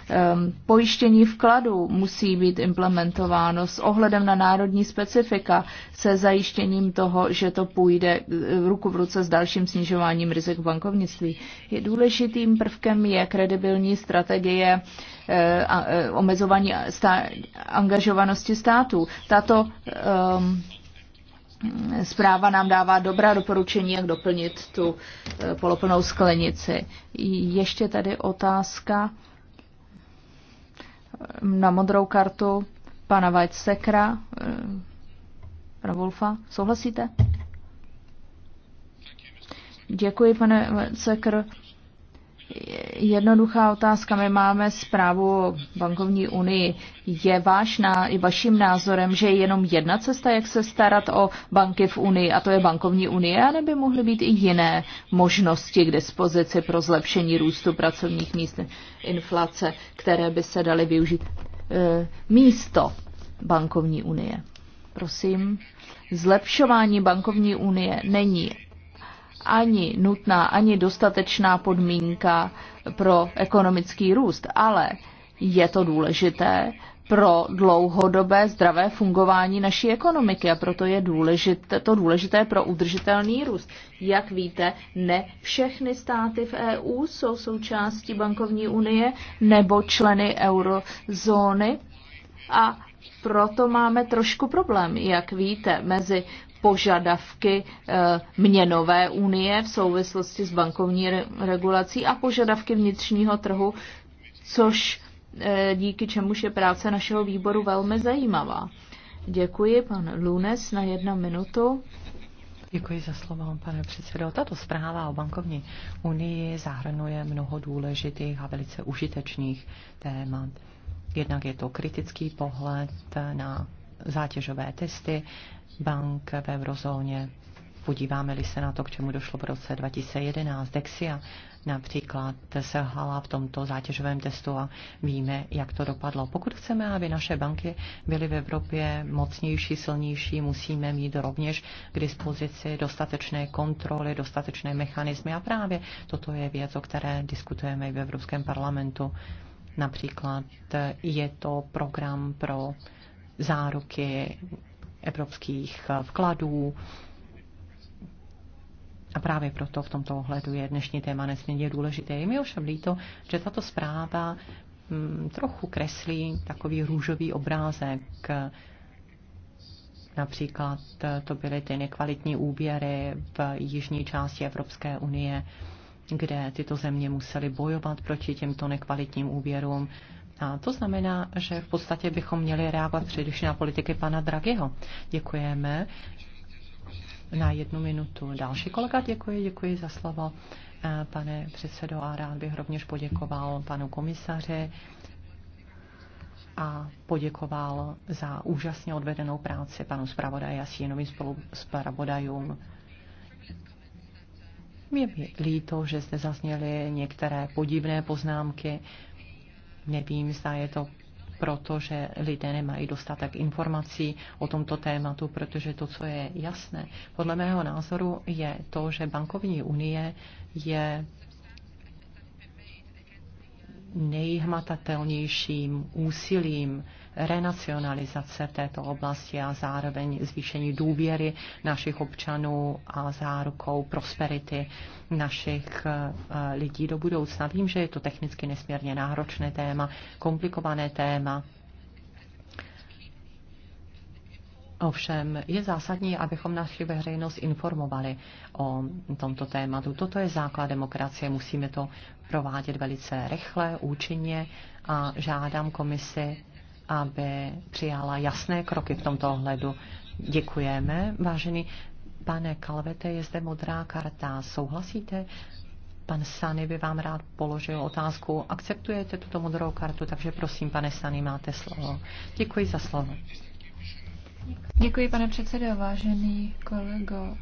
Ehm, pojištění vkladů musí být implementováno s ohledem na národní specifika se zajištěním toho, že to půjde eh, ruku v ruce s dalším snižováním rizik bankovnictví. Je důležitým prvkem je kredibilní strategie eh, eh, omezování stá- angažovanosti států. Tato um, zpráva nám dává dobrá doporučení, jak doplnit tu poloplnou sklenici. Ještě tady otázka na modrou kartu pana Weizsäckera, eh, pana Wolfa. Souhlasíte? Děkuji, pane Weizsäcker. Jednoduchá otázka. My máme zprávu o bankovní unii. Je váš ná, i vaším názorem, že je jenom jedna cesta, jak se starat o banky v unii, a to je bankovní unie, a mohly být i jiné možnosti k dispozici pro zlepšení růstu pracovních míst, inflace, které by se daly využít e, místo bankovní unie? Prosím. Zlepšování bankovní unie není ani nutná, ani dostatečná podmínka pro ekonomický růst, ale je to důležité pro dlouhodobé zdravé fungování naší ekonomiky a proto je důležité, to důležité pro udržitelný růst. Jak víte, ne všechny státy v EU jsou součástí bankovní unie nebo členy eurozóny a proto máme trošku problém, jak víte, mezi požadavky eh, měnové unie v souvislosti s bankovní regulací a požadavky vnitřního trhu, což eh, díky čemuž je práce našeho výboru velmi zajímavá. Děkuji, pan Lunes, na jednu minutu. Děkuji za slovo, pane předsedo. Tato zpráva o bankovní unii zahrnuje mnoho důležitých a velice užitečných témat. Jednak je to kritický pohled na zátěžové testy, bank v eurozóně. Podíváme-li se na to, k čemu došlo v roce 2011, Dexia například selhala v tomto zátěžovém testu a víme, jak to dopadlo. Pokud chceme, aby naše banky byly v Evropě mocnější, silnější, musíme mít rovněž k dispozici dostatečné kontroly, dostatečné mechanismy a právě toto je věc, o které diskutujeme i v Evropském parlamentu. Například je to program pro záruky evropských eh, vkladů. A právě proto v tomto ohledu je dnešní téma nesmírně důležité. Je mi ovšem líto, že tato zpráva mm, trochu kreslí takový růžový obrázek. Například eh, to byly ty nekvalitní úběry v jižní části Evropské unie, kde tyto země musely bojovat proti těmto nekvalitním úvěrům. A to znamená, že v podstatě bychom měli reagovat především na politiky pana Dragiho. Děkujeme. Na jednu minutu další kolega, děkuji, děkuji za slovo, pane předsedo, a rád bych rovněž poděkoval panu komisaři a poděkoval za úžasně odvedenou práci panu zpravodaji a sínovým spolu zpravodajům. Mě líto, že zde zazněly některé podivné poznámky Nevím, zda je to proto, že lidé nemají dostatek informací o tomto tématu, protože to, co je jasné, podle mého názoru je to, že bankovní unie je nejhmatatelnějším úsilím renacionalizace v této oblasti a zároveň zvýšení důvěry našich občanů a zárukou prosperity našich eh, lidí do budoucna. Vím, že je to technicky nesmírně náročné téma, komplikované téma, Ovšem je zásadní, abychom naši veřejnost informovali o tomto tématu. Toto je základ demokracie, musíme to provádět velice rychle, účinně a žádám komisi, aby přijala jasné kroky v tomto ohledu. Děkujeme. Vážený pane Kalvete, je zde modrá karta. Souhlasíte? Pan Sany by vám rád položil otázku. Akceptujete tuto modrou kartu, takže prosím, pane Sany, máte slovo. Děkuji za slovo. Děkuji, pane předsedo, vážený kolego.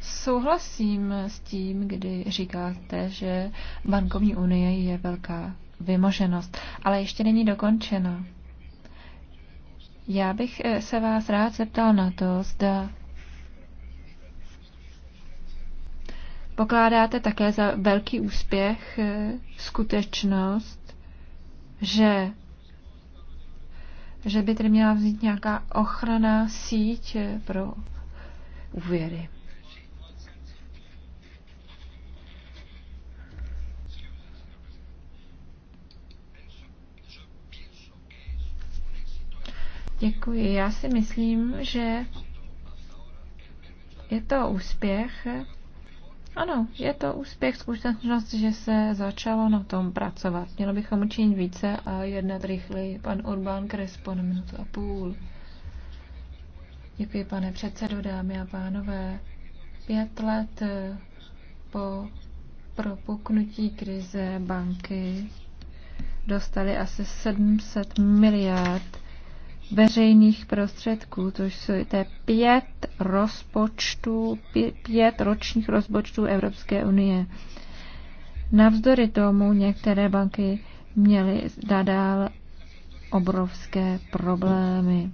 Souhlasím s tím, kdy říkáte, že bankovní unie je velká vymoženost, ale ještě není dokončena. Já bych eh, se vás rád zeptal na to, zda pokládáte také za velký úspěch eh, skutečnost, že, že by tedy měla vzít nějaká ochrana síť eh, pro úvěry. Děkuji. Já si myslím, že je to úspěch. Ano, je to úspěch, zkušenost, že se začalo na tom pracovat. Mělo bychom učinit více a jednat rychleji. Pan Urbán Krespo na minutu a půl. Děkuji, pane předsedo, dámy a pánové. Pět let eh, po propuknutí krize banky dostali asi 700 miliard veřejných prostředků, což jsou to pět rozpočtů, pět ročních rozpočtů Evropské unie. Navzdory tomu některé banky měly nadál obrovské problémy.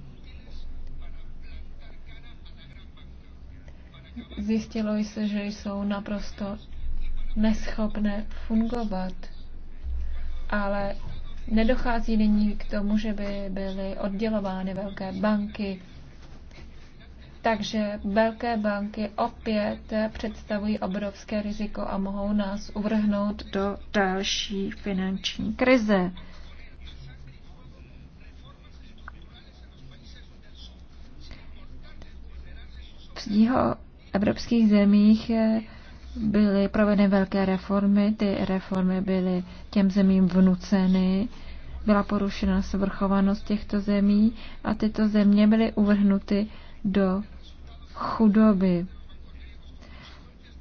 Zjistilo se, že jsou naprosto neschopné fungovat, ale Nedochází nyní k tomu, že by byly oddělovány velké banky. Takže velké banky opět představují obrovské riziko a mohou nás uvrhnout do další finanční krize. V jeho evropských zemích byly provedeny velké reformy, ty reformy byly těm zemím vnuceny, byla porušena svrchovanost těchto zemí a tyto země byly uvrhnuty do chudoby.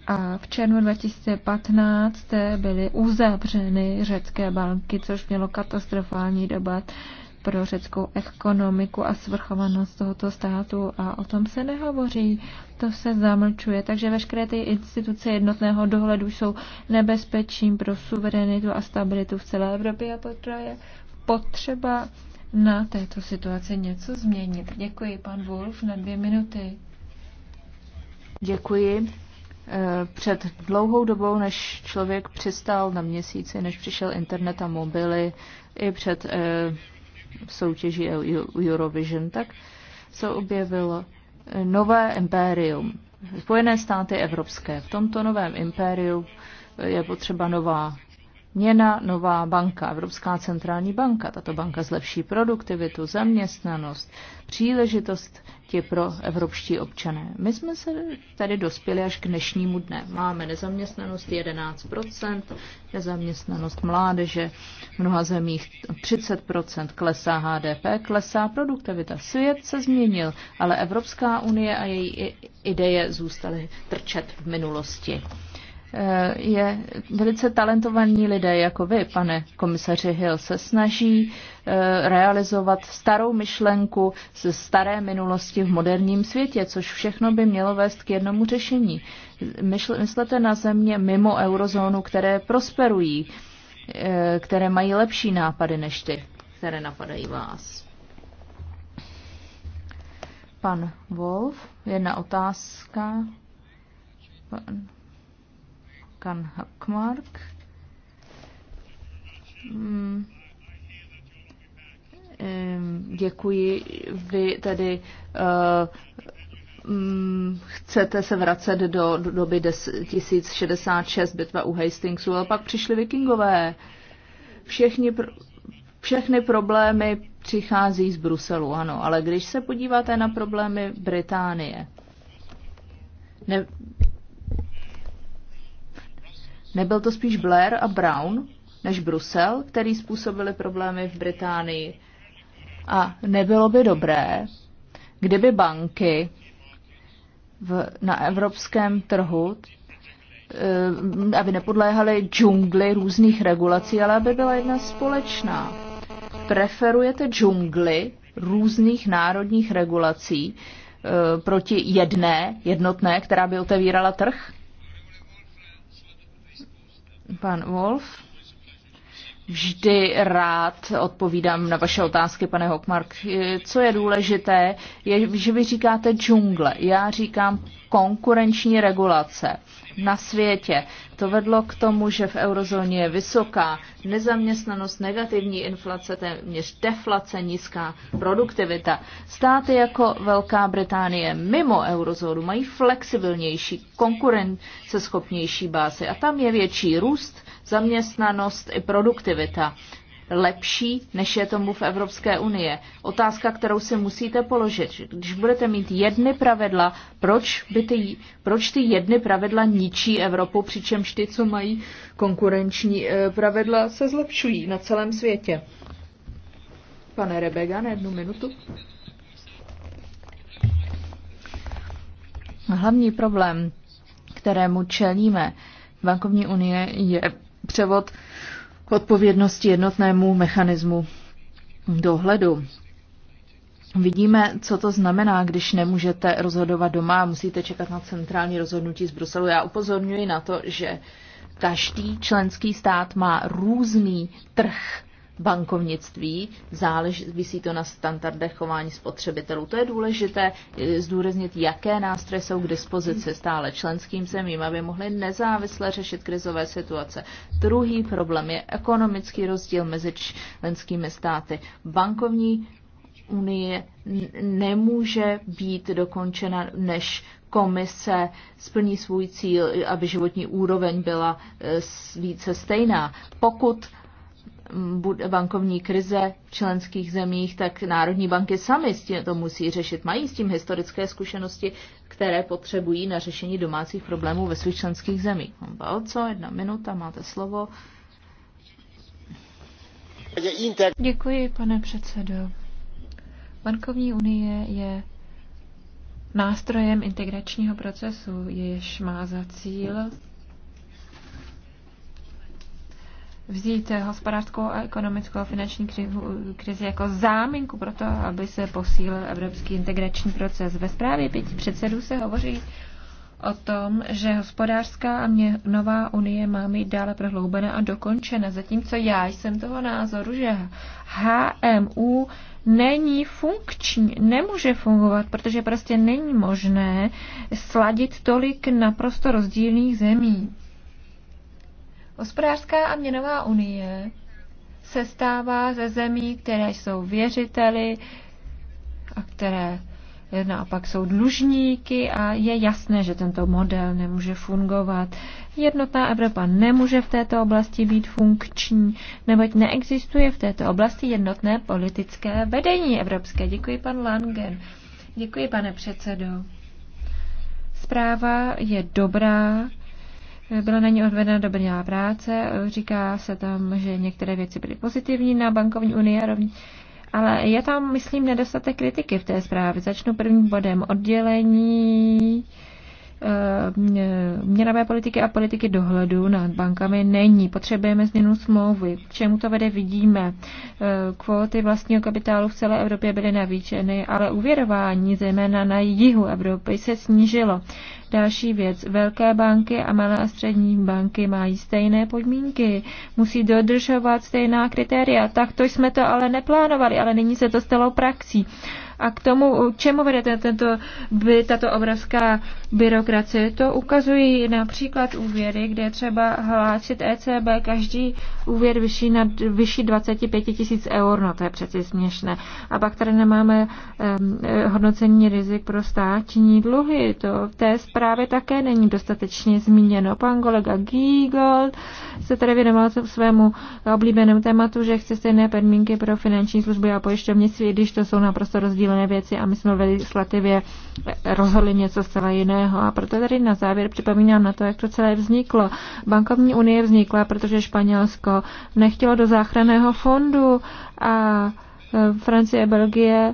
A v červnu 2015 byly uzavřeny řecké banky, což mělo katastrofální dopad pro řeckou ekonomiku a svrchovanost tohoto státu a o tom se nehovoří, to se zamlčuje. Takže veškeré ty instituce jednotného dohledu jsou nebezpečím pro suverenitu a stabilitu v celé Evropě a proto je potřeba na této situaci něco změnit. Děkuji, pan Wolf, na dvě minuty. Děkuji. E, před dlouhou dobou, než člověk přistál na měsíci, než přišel internet a mobily, i před e, v soutěži e Eurovision, tak se objevilo eh, nové impérium. Spojené státy evropské. V tomto novém impériu eh, je potřeba nová měna, nová banka, Evropská centrální banka. Tato banka zlepší produktivitu, zaměstnanost, příležitost tě pro evropští občané. My jsme se tady dospěli až k dnešnímu dne. Máme nezaměstnanost 11%, nezaměstnanost mládeže v mnoha zemích 30%, klesá HDP, klesá produktivita. Svět se změnil, ale Evropská unie a její ideje zůstaly trčet v minulosti. Eh, je velice talentovaní lidé jako vy, pane komisaři Hill, se snaží eh, realizovat starou myšlenku ze staré minulosti v moderním světě, což všechno by mělo vést k jednomu řešení. Myslete na země mimo eurozónu, které prosperují, eh, které mají lepší nápady než ty, které napadají vás. Pan Wolf, jedna otázka. Pan Kan Hackmark. Hmm. Děkuji. Vy tedy eh, hmm, chcete se vracet do, do doby 1066 bitva u Hastingsu, ale pak přišli vikingové. Všechny, pro, všechny problémy přichází z Bruselu, ano, ale když se podíváte na problémy Británie, ne, Nebyl to spíš Blair a Brown než Brusel, který způsobili problémy v Británii. A nebylo by dobré, kdyby banky v, na evropském trhu eh, aby nepodléhaly džungly různých regulací, ale aby byla jedna společná. Preferujete džungly různých národních regulací eh, proti jedné, jednotné, která by otevírala trh? Pan Wolf. Vždy rád odpovídám na vaše otázky, pane Hockmark. Co je důležité, je, že vy říkáte džungle. Já říkám konkurenční regulace na světě. To vedlo k tomu, že v eurozóně je vysoká nezaměstnanost, negativní inflace, téměř deflace, nízká produktivita. Státy jako Velká Británie mimo eurozónu mají flexibilnější, konkurenceschopnější bázy a tam je větší růst, zaměstnanost i produktivita lepší, než je tomu v Evropské unie. Otázka, kterou si musíte položit, když budete mít jedny pravidla, proč, by ty, proč ty jedny pravidla ničí Evropu, přičemž ty, co mají konkurenční eh, pravidla, se zlepšují na celém světě. Pane Rebega, na jednu minutu. Hlavní problém, kterému čelíme bankovní unie, je převod k odpovědnosti jednotnému mechanismu dohledu. Vidíme, co to znamená, když nemůžete rozhodovat doma a musíte čekat na centrální rozhodnutí z Bruselu. Já upozorňuji na to, že každý členský stát má různý trh bankovnictví, záleží to na standardech chování spotřebitelů. To je důležité eh, zdůraznit, jaké nástroje jsou k dispozici stále členským zemím, aby mohly nezávisle řešit krizové situace. Druhý problém je ekonomický rozdíl mezi členskými státy. Bankovní unie nemůže být dokončena, než komise splní svůj cíl, aby životní úroveň byla eh, více stejná. Pokud bankovní krize v členských zemích, tak národní banky sami s tím to musí řešit. Mají s tím historické zkušenosti, které potřebují na řešení domácích problémů ve svých členských zemích. co? jedna minuta, máte slovo. Děkuji, pane předsedo. Bankovní unie je nástrojem integračního procesu, jež má za cíl vzít hospodářskou a ekonomickou a finanční krizi jako záminku pro to, aby se posílil evropský integrační proces. Ve zprávě pěti předsedů se hovoří o tom, že hospodářská a mě nová unie má mít dále prohloubena a dokončena, zatímco já jsem toho názoru, že HMU není funkční, nemůže fungovat, protože prostě není možné sladit tolik naprosto rozdílných zemí. Hospodářská a měnová unie se stává ze zemí, které jsou věřiteli a které naopak jsou dlužníky a je jasné, že tento model nemůže fungovat. Jednotná Evropa nemůže v této oblasti být funkční, neboť neexistuje v této oblasti jednotné politické vedení evropské. Děkuji, pan Langen. Děkuji, pane předsedo. Zpráva je dobrá, byla na ní odvedena dobrá práce, říká se tam, že některé věci byly pozitivní na bankovní unii a rovně, ale je tam, myslím, nedostatek kritiky v té zprávě. Začnu prvním bodem oddělení eh, měnové politiky a politiky dohledu nad bankami není. Potřebujeme změnu smlouvy. K čemu to vede, vidíme. Eh, kvóty vlastního kapitálu v celé Evropě byly navýšeny, ale uvěrování zejména na jihu Evropy se snížilo. Další věc, velké banky a malé a střední banky mají stejné podmínky, musí dodržovat stejná kritéria. Tak to jsme to ale neplánovali, ale nyní se to stalo praxí. A k tomu, čemu vede tento, by tato obrovská byrokracie, to ukazují například úvěry, kde třeba hlásit ECB každý úvěr vyšší, na, vyšší 25 tisíc eur, no to je přeci směšné. A pak tady nemáme um, hodnocení rizik pro státní dluhy, to v té zprávě také není dostatečně zmíněno. Pan kolega Giegel se tady věnoval svému oblíbenému tématu, že chce stejné podmínky pro finanční služby a pojišťovnictví, když to jsou naprosto rozdílné věci a my jsme v legislativě rozhodli něco zcela jiného. A proto tady na závěr připomínám na to, jak to celé vzniklo. Bankovní unie vznikla, protože Španělsko nechtělo do záchranného fondu a e, Francie, Belgie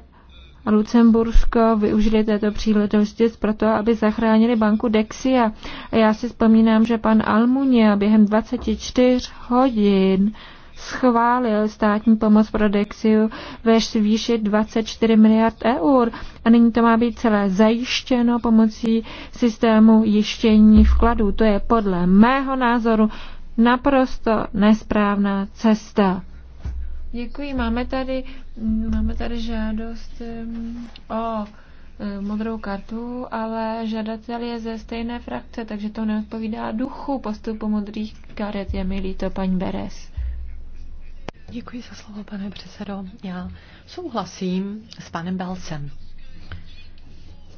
a Lucembursko využili této příležitosti proto, aby zachránili banku Dexia. A já si vzpomínám, že pan Almunia během 24 hodin schválil státní pomoc pro Dexiu ve výši 24 miliard eur a nyní to má být celé zajištěno pomocí systému jištění vkladů. To je podle mého názoru naprosto nesprávná cesta. Děkuji. Máme tady, máme tady žádost o modrou kartu, ale žadatel je ze stejné frakce, takže to neodpovídá duchu postupu modrých karet. Je mi líto, paní Beres. Děkuji za slovo, pane předsedo. Já souhlasím s panem Belcem,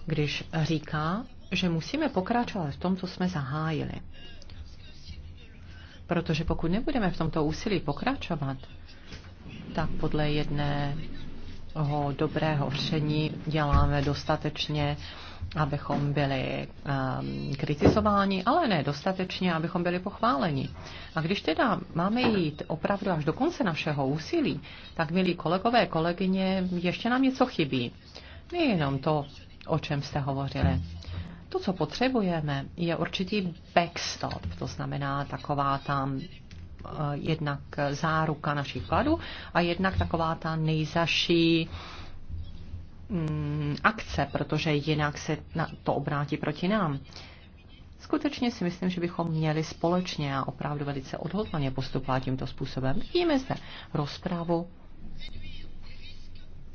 když říká, že musíme pokračovat v tom, co jsme zahájili. Protože pokud nebudeme v tomto úsilí pokračovat, tak podle jedného dobrého řešení děláme dostatečně, abychom byli um, kritizováni, ale ne dostatečně, abychom byli pochváleni. A když teda máme jít opravdu až do konce našeho úsilí, tak, milí kolegové, kolegyně, ještě nám něco chybí. Nejenom to, o čem jste hovořili. To, co potřebujeme, je určitý backstop, to znamená taková tam eh, jednak záruka našich vkladů a jednak taková ta nejzaší mm, akce, protože jinak se to obrátí proti nám. Skutečně si myslím, že bychom měli společně a opravdu velice odhodlaně postupovat tímto způsobem. Vidíme zde rozpravu,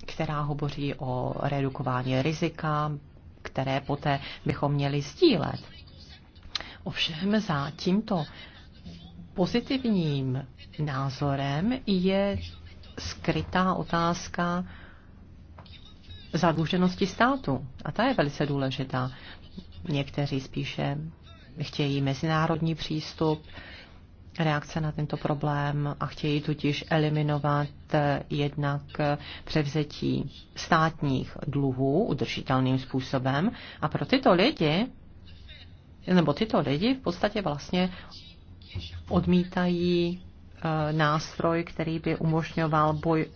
která hovoří o redukování rizika, které poté bychom měli sdílet. Ovšem za tímto pozitivním názorem je skrytá otázka zadluženosti státu. A ta je velice důležitá. Někteří spíše chtějí mezinárodní přístup, reakce na tento problém a chtějí tudíž eliminovat eh, jednak eh, převzetí státních dluhů udržitelným způsobem. A pro tyto lidi, nebo tyto lidi v podstatě vlastně odmítají eh, nástroj, který by umožňoval boj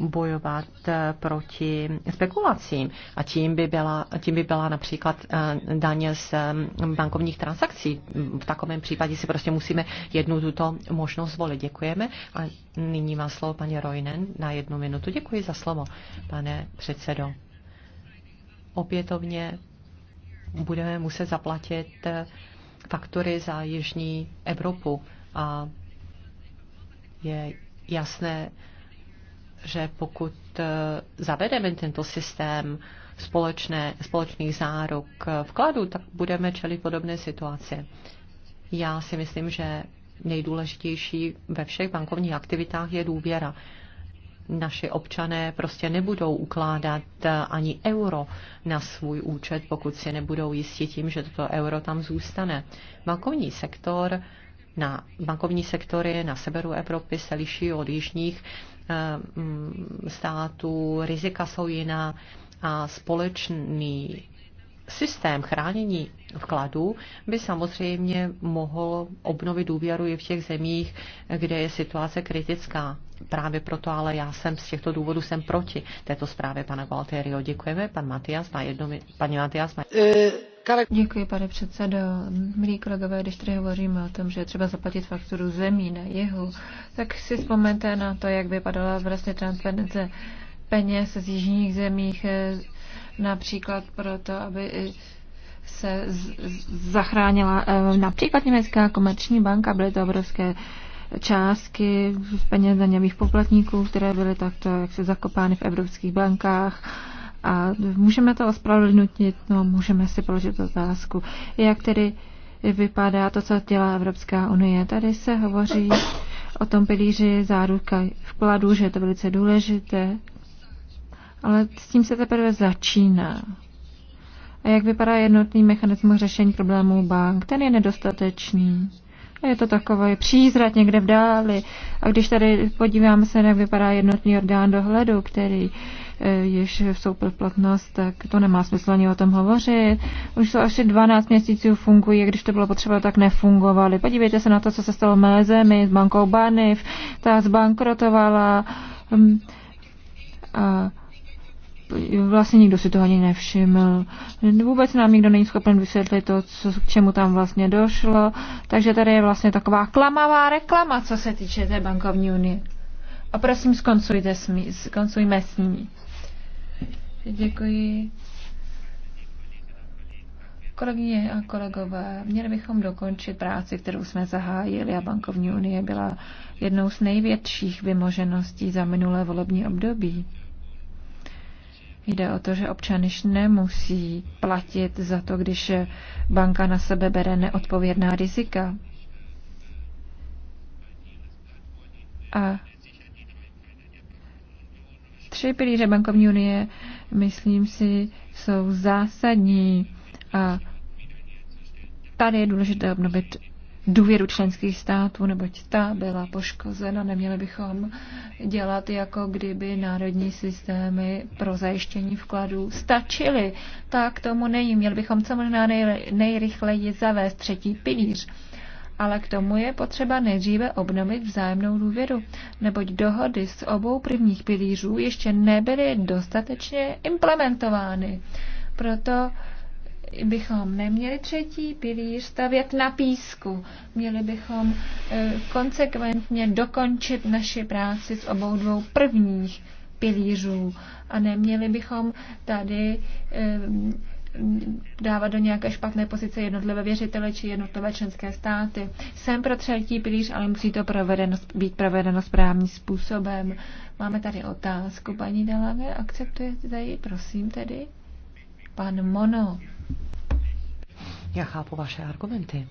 bojovat eh, proti spekulacím. A tím by byla, tím by byla například eh, daně z mm, bankovních transakcí. V takovém případě si prostě musíme jednu tuto možnost zvolit. Děkujeme. A nyní má slovo paní Rojnen na jednu minutu. Děkuji za slovo, pane předsedo. Opětovně budeme muset zaplatit eh, faktory za Jižní Evropu a je jasné, že pokud eh, zavedeme tento systém společné, společných záruk eh, vkladu, tak budeme čelit podobné situaci. Já si myslím, že nejdůležitější ve všech bankovních aktivitách je důvěra. Naši občané prostě nebudou ukládat eh, ani euro na svůj účet, pokud si nebudou jistí tím, že toto euro tam zůstane. Bankovní sektor na bankovní sektory na severu Evropy se liší od jižních Eh, mm, států, rizika jsou jiná a společný systém chránění vkladů by samozřejmě mohl obnovit důvěru i v těch zemích, kde je situace kritická. Právě proto ale já jsem z těchto důvodů jsem proti této zprávě pana Gualtierio. Děkujeme. Pan Matias má jedno, paní Matias má... Eh, Děkuji, pane předsedo. Milí kolegové, když tady hovoříme o tom, že je třeba zaplatit fakturu zemí na jihu, tak si vzpomeňte na to, jak vypadala vlastně transparence peněz z jižních zemích, eh, například proto, aby se zachránila eh, například Německá komerční banka, byly to obrovské částky z peněz daňových poplatníků, které byly takto jak se zakopány v evropských bankách a můžeme to ospravedlnit, no můžeme si položit otázku, jak tedy vypadá to, co dělá Evropská unie. Tady se hovoří o tom pilíři záruka vkladu, že je to velice důležité, ale s tím se teprve začíná. A jak vypadá jednotný mechanismus řešení problémů bank? Ten je nedostatečný. A je to takový přízrat někde v dáli. A když tady podíváme se, jak vypadá jednotný orgán dohledu, který uh, již vstoupil v platnost, tak to nemá smysl ani o tom hovořit. Už to asi 12 měsíců fungují, když to bylo potřeba, tak nefungovaly. Podívejte se na to, co se stalo v mé zemi s bankou Baniv, ta zbankrotovala. Hm, a vlastně nikdo si to ani nevšiml. Vůbec nám nikdo není schopen vysvětlit to, co, k čemu tam vlastně došlo. Takže tady je vlastně taková klamavá reklama, co se týče té bankovní unie. A prosím, skoncujte s ní, skoncujme s ní. Děkuji. Kolegyně a kolegové, měli bychom dokončit práci, kterou jsme zahájili a bankovní unie byla jednou z největších vymožeností za minulé volební období. Jde o to, že občan již nemusí platit za to, když banka na sebe bere neodpovědná rizika. A Tři pilíře bankovní unie, myslím si, jsou zásadní a tady je důležité obnovit důvěru členských států, neboť ta byla poškozena. Neměli bychom dělat, jako kdyby národní systémy pro zajištění vkladů stačily. Tak tomu není. Měli bychom co možná nejrychleji zavést třetí pilíř ale k tomu je potřeba nejdříve obnovit vzájemnou důvěru, neboť dohody z obou prvních pilířů ještě nebyly dostatečně implementovány. Proto bychom neměli třetí pilíř stavět na písku. Měli bychom e, konsekventně dokončit naši práci s obou dvou prvních pilířů a neměli bychom tady e, dávat do nějaké špatné pozice jednotlivé věřitele či jednotlivé členské státy. Jsem pro třetí pilíř, ale musí to provedeno, být provedeno správným způsobem. Máme tady otázku, paní Delage, akceptujete tady, prosím tedy? Pan Mono. Já chápu vaše argumenty,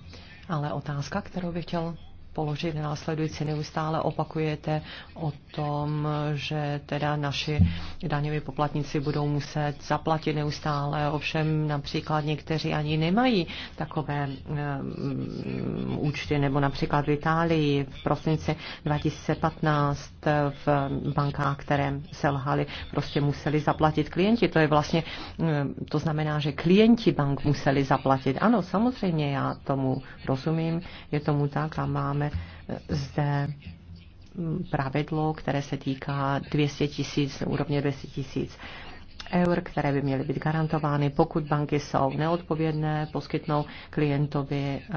ale otázka, kterou bych chtěl položit následující. Neustále opakujete o tom, že teda naši daňoví poplatníci budou muset zaplatit neustále. Ovšem například někteří ani nemají takové um, účty, nebo například v Itálii v prosinci 2015 v bankách, které selhaly, prostě museli zaplatit klienti. To je vlastně, eh, to znamená, že klienti bank museli zaplatit. Ano, samozřejmě já tomu rozumím, je tomu tak a máme eh, zde mm, pravidlo, které se týká 200 tisíc, úrovně 200 tisíc eur, které by měly být garantovány, pokud banky jsou neodpovědné, poskytnou klientovi eh,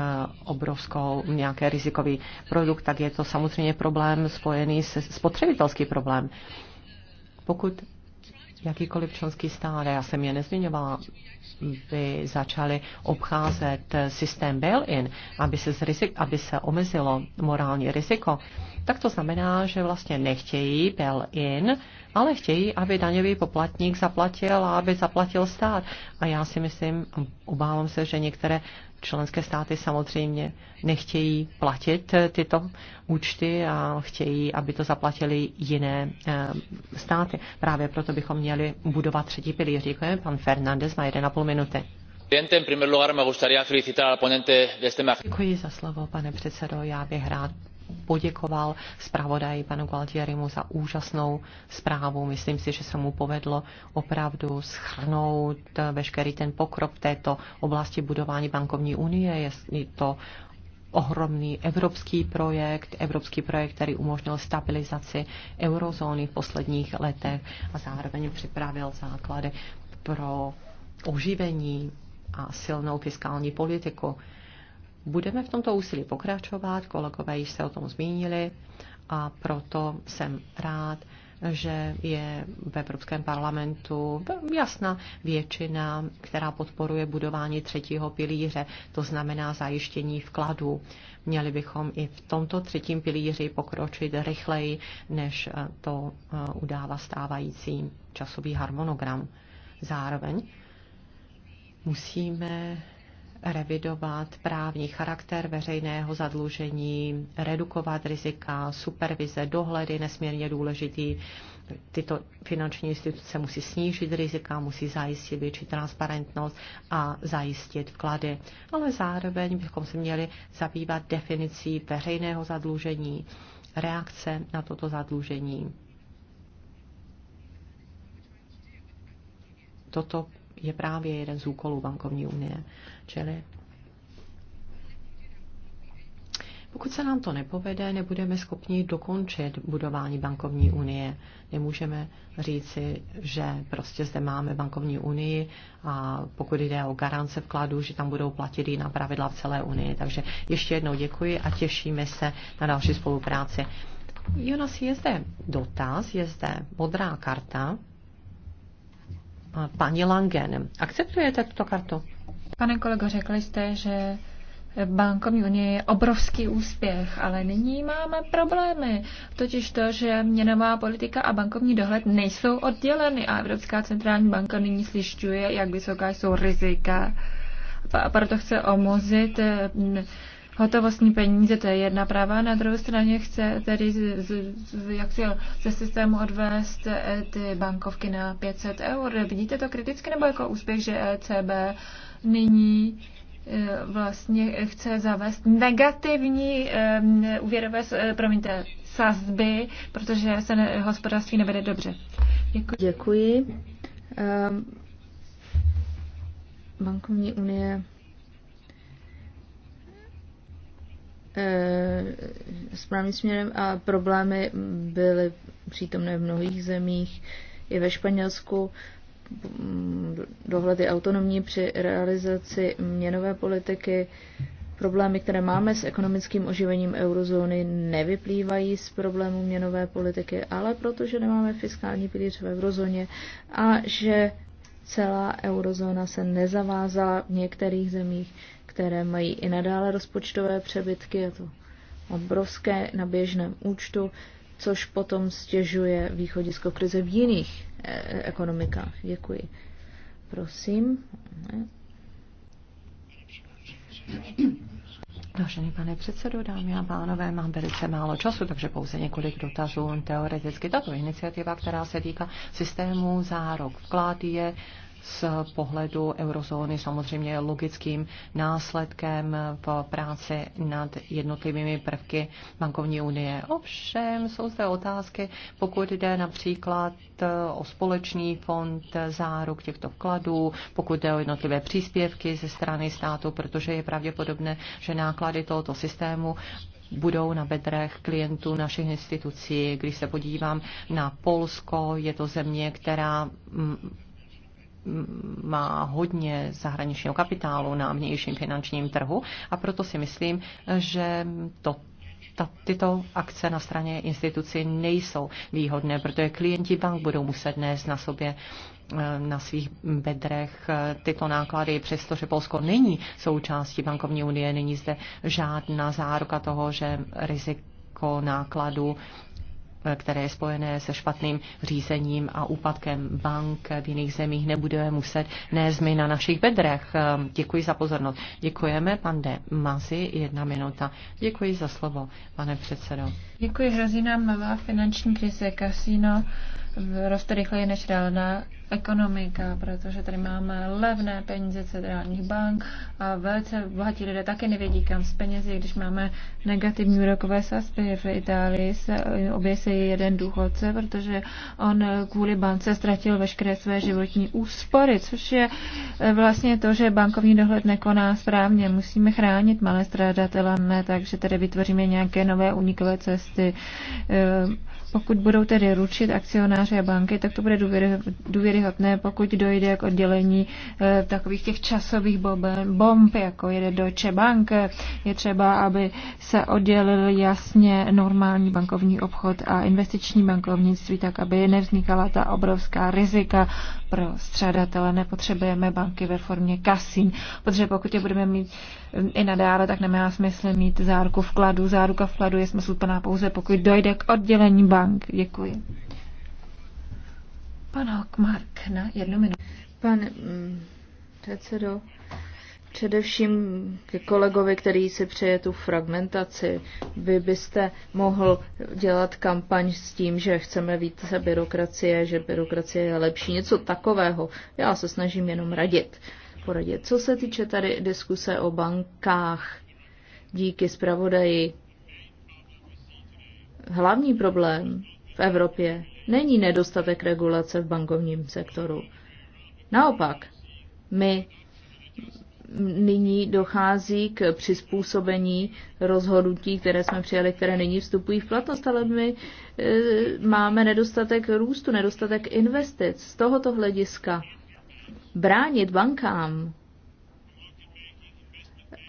obrovskou nějaké rizikový produkt, tak je to samozřejmě problém spojený se spotřebitelský problém. Pokud jakýkoliv členský stát, já jsem je nezmiňovala, by začali obcházet systém bail-in, aby se, zrizik, aby se omezilo morální riziko, tak to znamená, že vlastně nechtějí bail-in, ale chtějí, aby daňový poplatník zaplatil a aby zaplatil stát. A já si myslím, obávám se, že některé Členské státy samozřejmě nechtějí platit tyto účty a chtějí, aby to zaplatili jiné eh, státy. Právě proto bychom měli budovat třetí pilíř. Děkuji, Pan Fernández má 1,5 minuty. Děkuji za slovo, pane předsedo. Já bych rád poděkoval zpravodaji panu Gualtierimu za úžasnou zprávu. Myslím si, že se mu povedlo opravdu schrnout veškerý ten pokrok v této oblasti budování bankovní unie. Je to ohromný evropský projekt, evropský projekt, který umožnil stabilizaci eurozóny v posledních letech a zároveň připravil základy pro oživení a silnou fiskální politiku budeme v tomto úsilí pokračovat, kolegové již se o tom zmínili a proto jsem rád, že je v Evropském parlamentu jasná většina, která podporuje budování třetího pilíře, to znamená zajištění vkladu. Měli bychom i v tomto třetím pilíři pokročit rychleji, než eh, to eh, udává stávající časový harmonogram. Zároveň musíme revidovat právní charakter veřejného zadlužení, redukovat rizika, supervize, dohledy nesmírně důležitý. Tyto finanční instituce musí snížit rizika, musí zajistit větší transparentnost a zajistit vklady. Ale zároveň bychom se měli zabývat definicí veřejného zadlužení, reakce na toto zadlužení. Toto je právě jeden z úkolů bankovní unie. Čili pokud se nám to nepovede, nebudeme schopni dokončit budování bankovní unie. Nemůžeme říci, že prostě zde máme bankovní unii a pokud jde o garance vkladů, že tam budou platit jiná pravidla v celé unii. Takže ještě jednou děkuji a těšíme se na další spolupráci. Jonas, je zde dotaz, je zde modrá karta. Pani Langen, akceptujete tuto kartu? Pane kolego, řekli jste, že bankovní unie je obrovský úspěch, ale nyní máme problémy. Totiž to, že měnová politika a bankovní dohled nejsou odděleny a Evropská centrální banka nyní slišťuje, jak vysoká jsou rizika. A proto chce omozit mm, hotovostní peníze, to je jedna práva, na druhou straně chce tedy z, z, jak si, ze systému odvést eh, ty bankovky na 500 eur. Vidíte to kriticky nebo jako úspěch, že ECB nyní eh, vlastně chce zavést negativní eh, úvěrové, eh, promiňte, sazby, protože se ne, hospodářství nevede dobře. Děkuji. Děkuji. Um, bankovní unie správným směrem a problémy byly přítomné v mnohých zemích, i ve Španělsku dohledy autonomní při realizaci měnové politiky. Problémy, které máme s ekonomickým oživením eurozóny, nevyplývají z problému měnové politiky, ale protože nemáme fiskální pilíř v eurozóně a že celá eurozóna se nezavázala v některých zemích, které mají i nadále rozpočtové přebytky, a to obrovské na běžném účtu, což potom stěžuje východisko krize v jiných Eh, ekonomika. Děkuji. Prosím. Vážený pane předsedo, dámy a pánové, mám velice málo času, takže pouze několik dotazů. Teoreticky tato iniciativa, která se týká systému zárok vklad, je z pohledu eurozóny samozřejmě logickým následkem v práci nad jednotlivými prvky bankovní unie. Ovšem jsou zde otázky, pokud jde například eh, o společný fond záruk těchto vkladů, pokud jde o jednotlivé příspěvky ze strany státu, protože je pravděpodobné, že náklady tohoto systému budou na bedrech klientů našich institucí. Když se podívám na Polsko, je to země, která mm, má hodně zahraničního kapitálu na vnějším finančním trhu a proto si myslím, že to ta, tyto akce na straně institucí nejsou výhodné, protože klienti bank budou muset nést na sobě eh, na svých bedrech eh, tyto náklady, přestože Polsko není součástí bankovní unie, není zde žádná záruka toho, že riziko nákladu Eh, které je spojené se špatným řízením a úpadkem bank v jiných zemích, nebudeme muset nést my na našich bedrech. Eh, děkuji za pozornost. Děkujeme, pan De Mazi, jedna minuta. Děkuji za slovo, pane předsedo. Děkuji, hrozí nám nová finanční krize. Kasino roste rychleji než reálná ekonomika, protože tady máme levné peníze centrálních bank a velice bohatí lidé taky nevědí, kam s penězi, když máme negativní úrokové sazby. V Itálii se oběsí jeden důchodce, protože on kvůli bance ztratil veškeré své životní úspory, což je eh, vlastně to, že bankovní dohled nekoná správně. Musíme chránit malé stradatele, ne, takže tady vytvoříme nějaké nové unikové cesty jestli eh, Pokud budou tedy ručit akcionáři a banky, tak to bude důvěryhodné, pokud dojde k oddělení eh, takových těch časových bomb, jako jede Deutsche Bank. Je třeba, aby se oddělil jasně normální bankovní obchod a investiční bankovnictví, tak aby nevznikala ta obrovská rizika pro střadatele, nepotřebujeme banky ve formě kasín, protože pokud je budeme mít eh, i nadále, tak nemá smysl mít záruku vkladu. Záruka vkladu je smysluplná pouze, pokud dojde k oddělení bank. Děkuji. Pan Hockmark na jednu minutu. Pane mm, předsedo, Především ke kolegovi, který si přeje tu fragmentaci, vy byste mohl dělat kampaň s tím, že chceme více byrokracie, že byrokracie je lepší, něco takového. Já se snažím jenom radit, poradit. Co se týče tady diskuse o bankách, díky zpravodaji, hlavní problém v Evropě není nedostatek regulace v bankovním sektoru. Naopak, my nyní dochází k přizpůsobení rozhodnutí, které jsme přijali, které nyní vstupují v platnost, ale my e, máme nedostatek růstu, nedostatek investic. Z tohoto hlediska bránit bankám,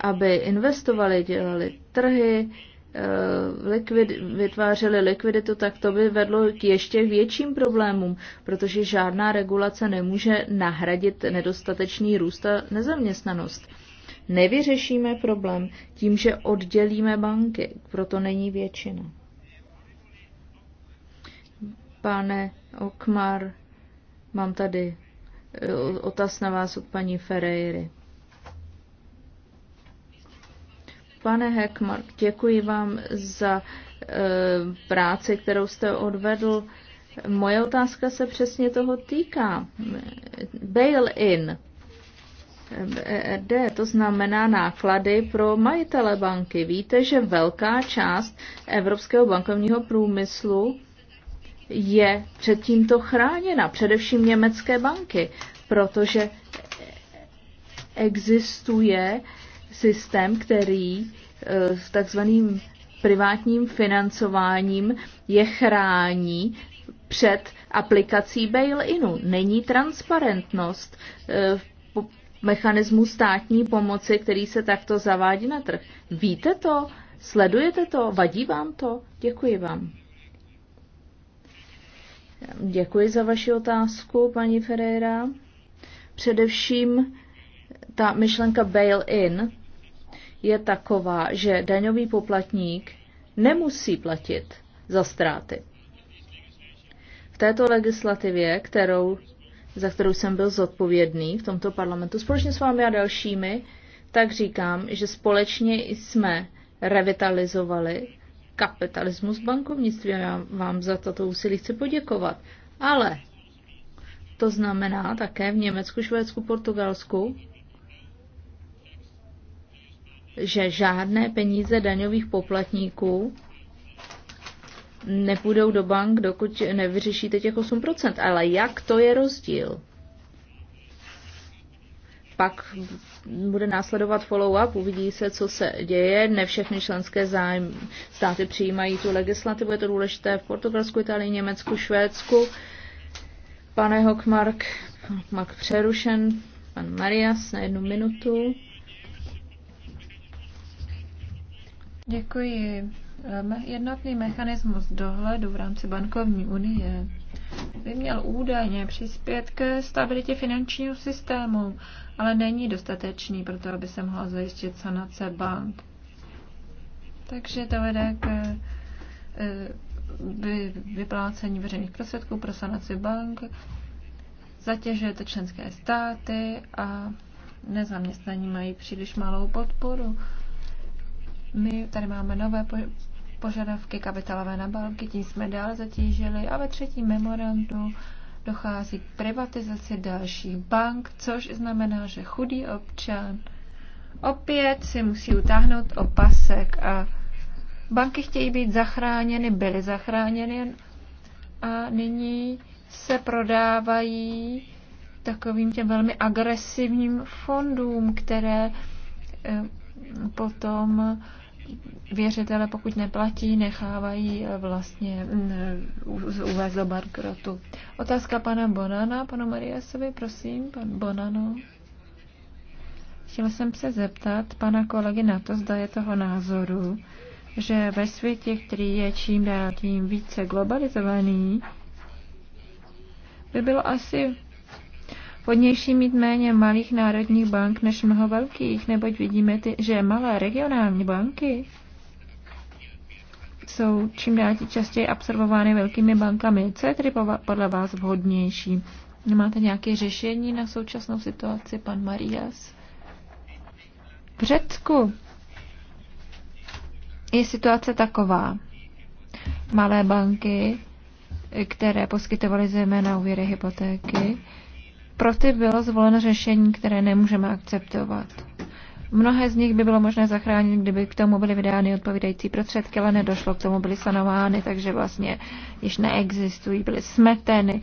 aby investovali, dělali trhy, Eh, likvid, vytvářeli likviditu, tak to by vedlo k ještě větším problémům, protože žádná regulace nemůže nahradit nedostatečný růst a nezaměstnanost. Nevyřešíme problém tím, že oddělíme banky, proto není většina. Pane Okmar, mám tady eh, otaz na vás od paní Ferreiry. Pane Heckmark, děkuji vám za eh, práci, kterou jste odvedl. Moje otázka se přesně toho týká. Bail-in. ERD, e to znamená náklady pro majitele banky. Víte, že velká část evropského bankovního průmyslu je před tímto chráněna, především německé banky, protože existuje eh, systém, který eh, s takzvaným privátním financováním je chrání před aplikací bail-inu. Není transparentnost v eh, mechanismu státní pomoci, který se takto zavádí na trh. Víte to? Sledujete to? Vadí vám to? Děkuji vám. Děkuji za vaši otázku, paní Ferreira. Především ta myšlenka bail-in je taková, že daňový poplatník nemusí platit za ztráty. V této legislativě, kterou, za kterou jsem byl zodpovědný v tomto parlamentu společně s vámi a dalšími, tak říkám, že společně jsme revitalizovali kapitalismus bankovnictví. Já vám za toto úsilí chci poděkovat. Ale to znamená také v Německu, Švédsku, Portugalsku že žádné peníze daňových poplatníků nepůjdou do bank, dokud nevyřešíte těch 8%. Ale jak to je rozdíl? Pak bude následovat follow-up, uvidí se, co se děje. Ne všechny členské zájem, státy přijímají tu legislativu, je to důležité v Portugalsku, Itálii, Německu, Švédsku. Pane Hockmark, Hockmark přerušen, pan Marias na jednu minutu. Děkuji. Hm, jednotný mechanismus dohledu v rámci bankovní unie by měl údajně přispět k stabilitě finančního systému, ale není dostatečný pro to, aby se mohla zajistit sanace bank. Takže to vede k eh, vyplácení veřejných prostředků pro sanaci bank, zatěžuje to členské státy a nezaměstnaní mají příliš malou podporu. My tady máme nové požadavky kapitalové na banky, tím jsme dále zatížili a ve třetím memorandu dochází k privatizaci dalších bank, což znamená, že chudý občan opět si musí utáhnout opasek a banky chtějí být zachráněny, byly zachráněny a nyní se prodávají takovým těm velmi agresivním fondům, které eh, potom věřitele, pokud neplatí, nechávají eh, vlastně mm, eh, uvést do bankrotu. Otázka pana Bonana, panu Mariasovi, prosím, pan Bonano. Chtěl jsem se zeptat pana kolegy na to, zda je toho názoru, že ve světě, který je čím dál tím více globalizovaný, by bylo asi Podnější mít méně malých národních bank než mnoho velkých, neboť vidíme, ty, že malé regionální banky jsou čím dál častěji absorbovány velkými bankami. Co je tedy podle vás vhodnější? Máte nějaké řešení na současnou situaci, pan Marias? V Řecku je situace taková. Malé banky, které poskytovaly zejména úvěry hypotéky, pro ty bylo zvoleno řešení, které nemůžeme akceptovat. Mnohé z nich by bylo možné zachránit, kdyby k tomu byly vydány odpovídající prostředky, ale nedošlo k tomu, byly sanovány, takže vlastně již neexistují, byly smeteny.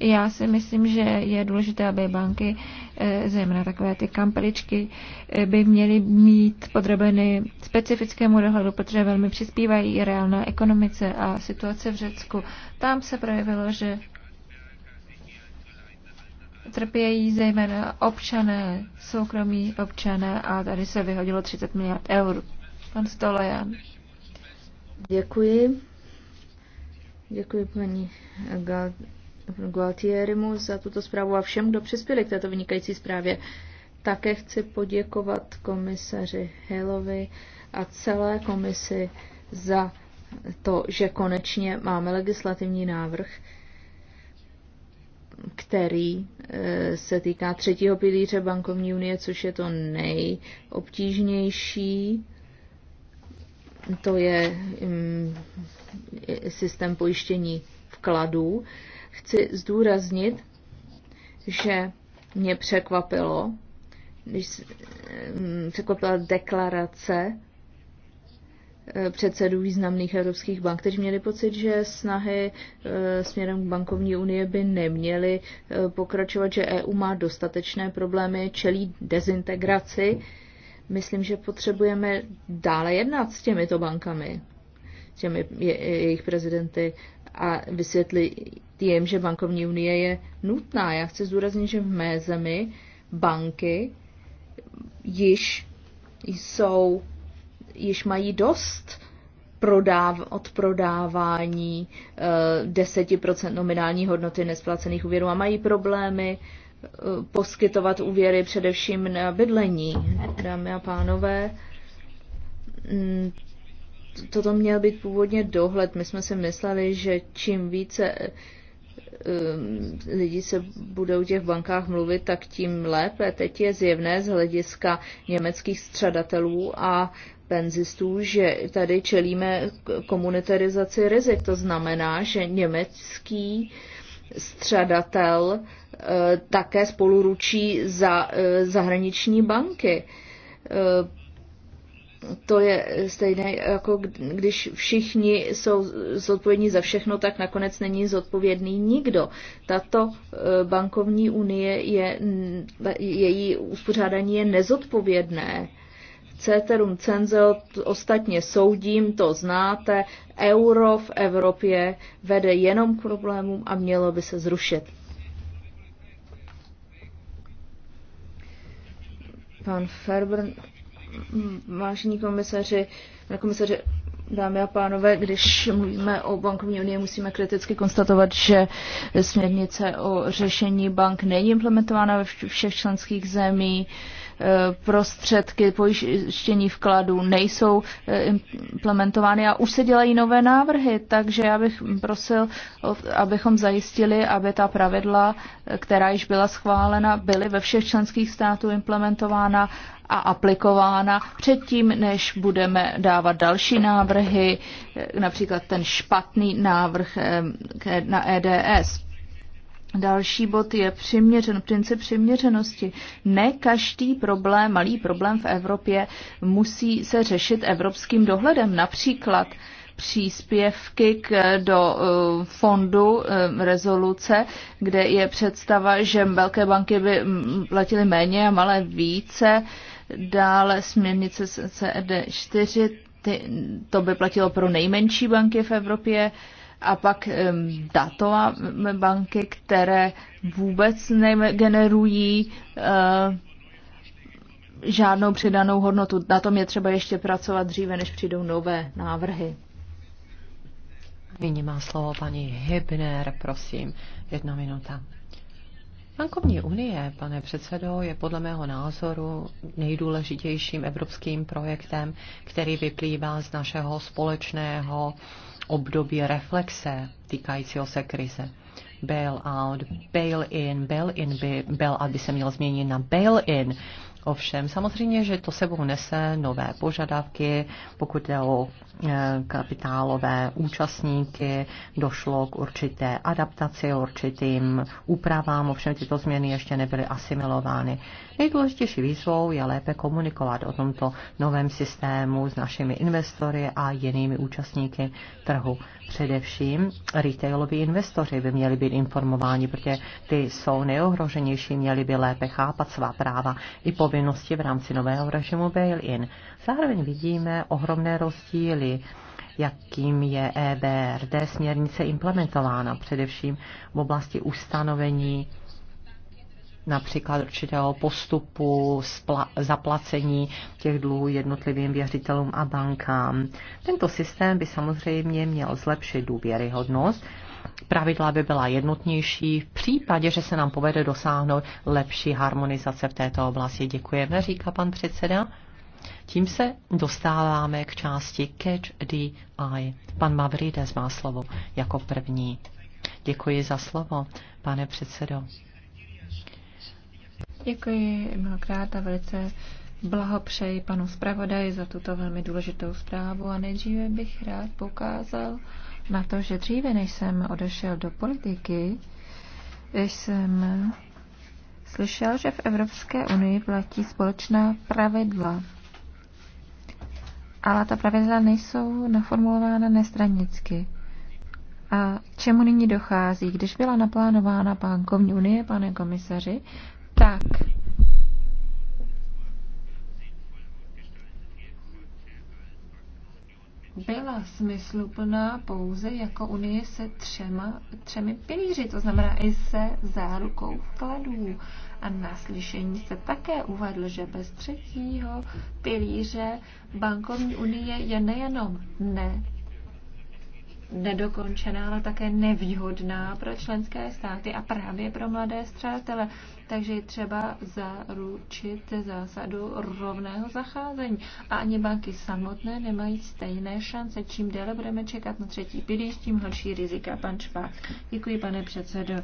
Já si myslím, že je důležité, aby banky, eh, zejména takové ty kampeličky, eh, by měly mít podrobeny specifickému dohledu, protože velmi přispívají i reálné ekonomice a situace v Řecku. Tam se projevilo, že trpějí zejména občané, soukromí občané a tady se vyhodilo 30 miliard eur. Pan Stolejan. Děkuji. Děkuji paní Gualtierimu za tuto zprávu a všem, kdo přispěli k této vynikající zprávě. Také chci poděkovat komisaři Hillovi a celé komisi za to, že konečně máme legislativní návrh, který e, se týká třetího pilíře bankovní unie, což je to nejobtížnější. To je mm, systém pojištění vkladů. Chci zdůraznit, že mě překvapilo, když e, překvapila deklarace Eh, předsedů významných evropských bank, kteří měli pocit, že snahy eh, směrem k bankovní unie by neměly eh, pokračovat, že EU má dostatečné problémy, čelí dezintegraci. Myslím, že potřebujeme dále jednat s těmito bankami, těmi jejich prezidenty a vysvětlit jim, že bankovní unie je nutná. Já chci zdůraznit, že v mé zemi banky již jsou již mají dost prodáv, od prodávání e, eh, 10% nominální hodnoty nesplacených úvěrů a mají problémy e, poskytovat úvěry především na bydlení. Dámy a pánové, mm, toto měl být původně dohled. My jsme si mysleli, že čím více eh, lidi se budou těch bankách mluvit, tak tím lépe. Teď je zjevné z hlediska německých střadatelů a penzistů, že tady čelíme komunitarizaci rizik. To znamená, že německý střadatel eh, také spoluručí za eh, zahraniční banky. Eh, to je stejné, jako když všichni jsou zodpovědní za všechno, tak nakonec není zodpovědný nikdo. Tato bankovní unie je, její uspořádání je nezodpovědné Ceterum Cenzel, ostatně soudím, to znáte, euro v Evropě vede jenom k problémům a mělo by se zrušit. Pan Ferber, vážení komisaři, komisaři, dámy a pánové, když mluvíme o bankovní unii, musíme kriticky konstatovat, že směrnice o řešení bank není implementována ve všech členských zemích prostředky pojištění vkladů nejsou eh, implementovány a už se dělají nové návrhy, takže já bych prosil, abychom zajistili, aby ta pravidla, eh, která již byla schválena, byly ve všech členských států implementována a aplikována předtím, než budeme dávat další návrhy, eh, například ten špatný návrh na EDS. Další bod je přiměřen, princip přiměřenosti. Ne každý problém, malý problém v Evropě musí se řešit evropským dohledem. Například příspěvky k, do eh, fondu eh, rezoluce, kde je představa, že velké banky by mm, platily méně a malé více. Dále směrnice CED 4, ty, to by platilo pro nejmenší banky v Evropě. Uh, a pak um, datová banky, které vůbec negenerují uh, žádnou přidanou hodnotu. Na tom je třeba ještě pracovat dříve, než přijdou nové návrhy. Nyní má slovo paní Hybner, prosím, jedna minuta. Bankovní unie, pane předsedo, je podle mého názoru nejdůležitějším evropským projektem, který vyplývá z našeho společného období reflexe týkajícího se krize. Bail-out, bail-in, bail-in by, bail-out by se měl změnit na bail-in. Ovšem, samozřejmě, že to sebou nese nové požadavky, pokud jde o eh, kapitálové účastníky, došlo k určité adaptaci, určitým úpravám, ovšem tyto změny ještě nebyly asimilovány Nejdůležitější výzvou je lépe komunikovat o tomto novém systému s našimi investory a jinými účastníky trhu. Především retailoví investoři by měli být informováni, protože ty jsou nejohroženější, měli by lépe chápat svá práva i povinnosti v rámci nového režimu bail-in. Zároveň vidíme ohromné rozdíly jakým je EBRD směrnice implementována, především v oblasti ustanovení například určitého postupu zaplacení těch dluhů jednotlivým věřitelům a bankám. Tento systém by samozřejmě měl zlepšit důvěryhodnost pravidla by byla jednotnější v případě, že se nám povede dosáhnout lepší harmonizace v této oblasti. Děkujeme, říká pan předseda. Tím se dostáváme k části Catch the Eye. Pan Mavrides má slovo jako první. Děkuji za slovo, pane předsedo. Děkuji mnohokrát a velice blahopřeji panu zpravodaji za tuto velmi důležitou zprávu a nejdříve bych rád poukázal na to, že dříve, než jsem odešel do politiky, jsem slyšel, že v Evropské unii platí společná pravidla. Ale ta pravidla nejsou naformulována nestranicky. A k čemu nyní dochází? Když byla naplánována bankovní unie, pane komisaři, tak byla smysluplná pouze jako unie se třema, třemi pilíři, to znamená i se zárukou vkladů. A na slyšení se také uvedl, že bez třetího pilíře bankovní unie je nejenom ne nedokončená, ale také nevýhodná pro členské státy a právě pro mladé střátele. Takže je třeba zaručit zásadu rovného zacházení. A ani banky samotné nemají stejné šance. Čím déle budeme čekat na třetí pilíř, tím horší rizika. Pan Čpák. Děkuji, pane předsedo.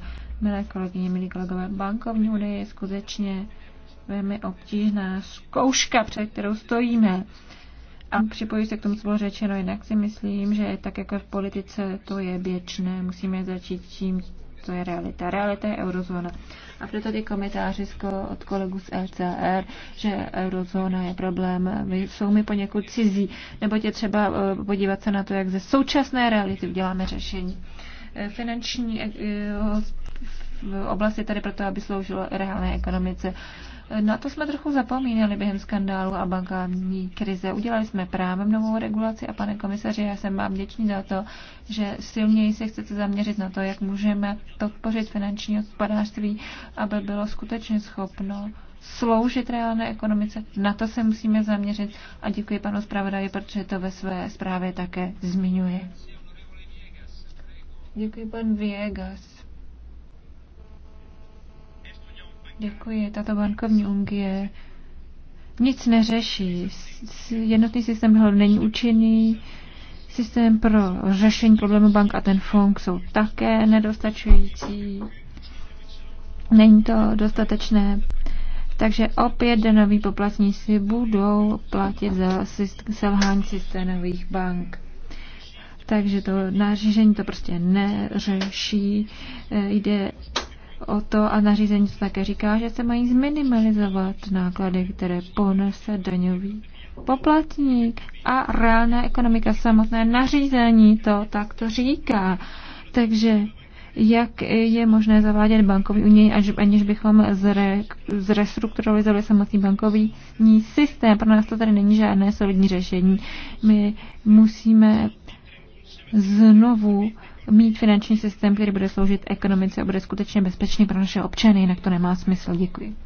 Milé kolegyně, milí kolegové, bankovní unie je skutečně velmi obtížná zkouška, před kterou stojíme. A připojí se k tomu, co bylo řečeno, jinak si myslím, že tak jako v politice to je běčné, musíme začít tím, co je realita. Realita je eurozóna. A proto ty komentáři od kolegů z LCR, že eurozóna je problém, jsou mi poněkud cizí, nebo tě třeba eh, podívat se na to, jak ze současné reality uděláme řešení. Eh, finanční eh, oblast je tady proto, aby sloužilo reálné ekonomice. Na to jsme trochu zapomínali během skandálu a bankární krize. Udělali jsme právem novou regulaci a pane komisaři, já jsem vám vděčný za to, že silněji se chcete zaměřit na to, jak můžeme podpořit finanční hospodářství, aby bylo skutečně schopno sloužit reálné ekonomice. Na to se musíme zaměřit a děkuji panu zpravodaji, protože to ve své zprávě také zmiňuje. Děkuji pan Viegas. Děkuji. Tato bankovní unie nic neřeší. Jednotný systém není účinný. Systém pro řešení problému bank a ten fond jsou také nedostačující. Není to dostatečné. Takže opět denoví poplatníci budou platit za selhání systémových bank. Takže to nařízení to prostě neřeší. E, jde o to a nařízení se také říká, že se mají zminimalizovat náklady, které ponese daňový poplatník a reálná ekonomika samotné nařízení to takto říká. Takže jak je možné zavádět bankovní unii, aniž bychom zre, zrestrukturalizovali samotný bankovní systém. Pro nás to tady není žádné solidní řešení. My musíme znovu mít finanční systém, který bude sloužit ekonomice a bude skutečně bezpečný pro naše občany, jinak to nemá smysl. Děkuji.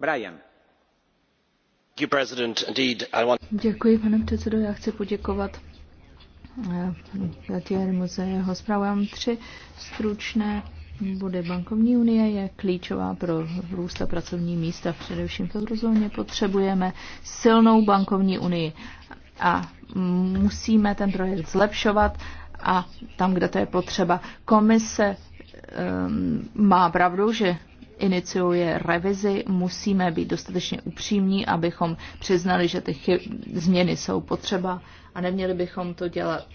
Brian. Děkuji, pane předsedo. Já chci poděkovat eh, Gatierimu za jeho zprávu. Já mám tři stručné bude bankovní unie je klíčová pro růst a pracovní místa. Především v eurozóně potřebujeme silnou bankovní unii a musíme ten projekt zlepšovat a tam, kde to je potřeba. Komise um, má pravdu, že iniciuje revizi, musíme být dostatečně upřímní, abychom přiznali, že ty změny jsou potřeba a neměli bychom to dělat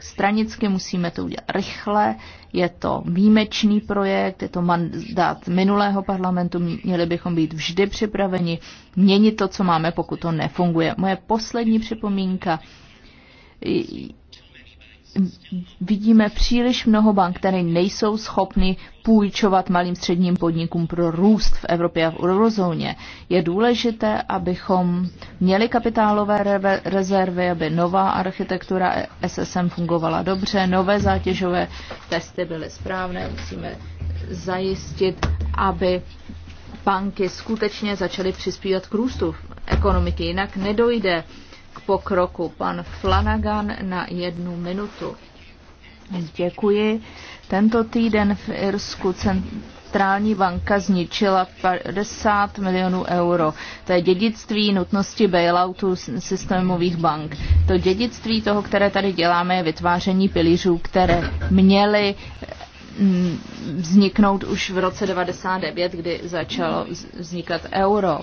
stranicky, musíme to udělat rychle, je to výjimečný projekt, je to mandát minulého parlamentu, měli bychom být vždy připraveni měnit to, co máme, pokud to nefunguje. Moje poslední připomínka vidíme příliš mnoho bank, které nejsou schopny půjčovat malým středním podnikům pro růst v Evropě a v eurozóně. Je důležité, abychom měli kapitálové rezervy, aby nová architektura SSM fungovala dobře, nové zátěžové testy byly správné, musíme zajistit, aby banky skutečně začaly přispívat k růstu ekonomiky, jinak nedojde pokroku. Pan Flanagan na jednu minutu. Děkuji. Tento týden v Irsku centrální banka zničila 50 milionů euro. To je dědictví nutnosti bailoutu systémových bank. To dědictví toho, které tady děláme, je vytváření pilířů, které měly mm, vzniknout už v roce 99, kdy začalo vznikat euro.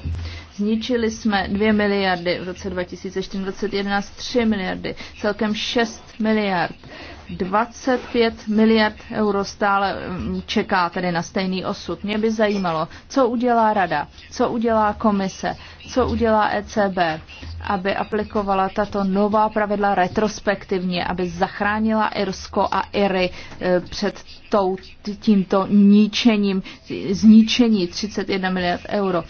Zničili jsme 2 miliardy v roce 2014, 3 miliardy, celkem 6 miliard. 25 miliard euro stále mm, čeká tedy na stejný osud. Mě by zajímalo, co udělá rada, co udělá komise, co udělá ECB, aby aplikovala tato nová pravidla retrospektivně, aby zachránila Irsko a Iry e, před tou, tímto ničením, zničení 31 miliard euro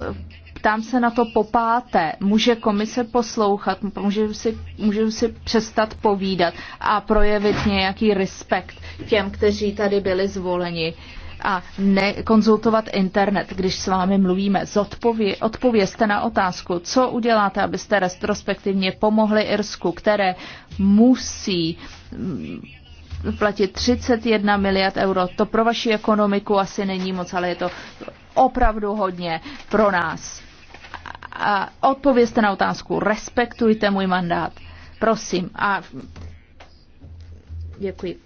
to, ptám se na to popáté. Může komise poslouchat, může si, může si přestat povídat a projevit nějaký respekt těm, kteří tady byli zvoleni a nekonzultovat internet, když s vámi mluvíme. Zodpově, odpovězte na otázku, co uděláte, abyste retrospektivně pomohli Irsku, které musí platit 31 miliard euro. To pro vaši ekonomiku asi není moc, ale je to opravdu hodně pro nás. A odpovězte na otázku, respektujte můj mandát. Prosím. A děkuji.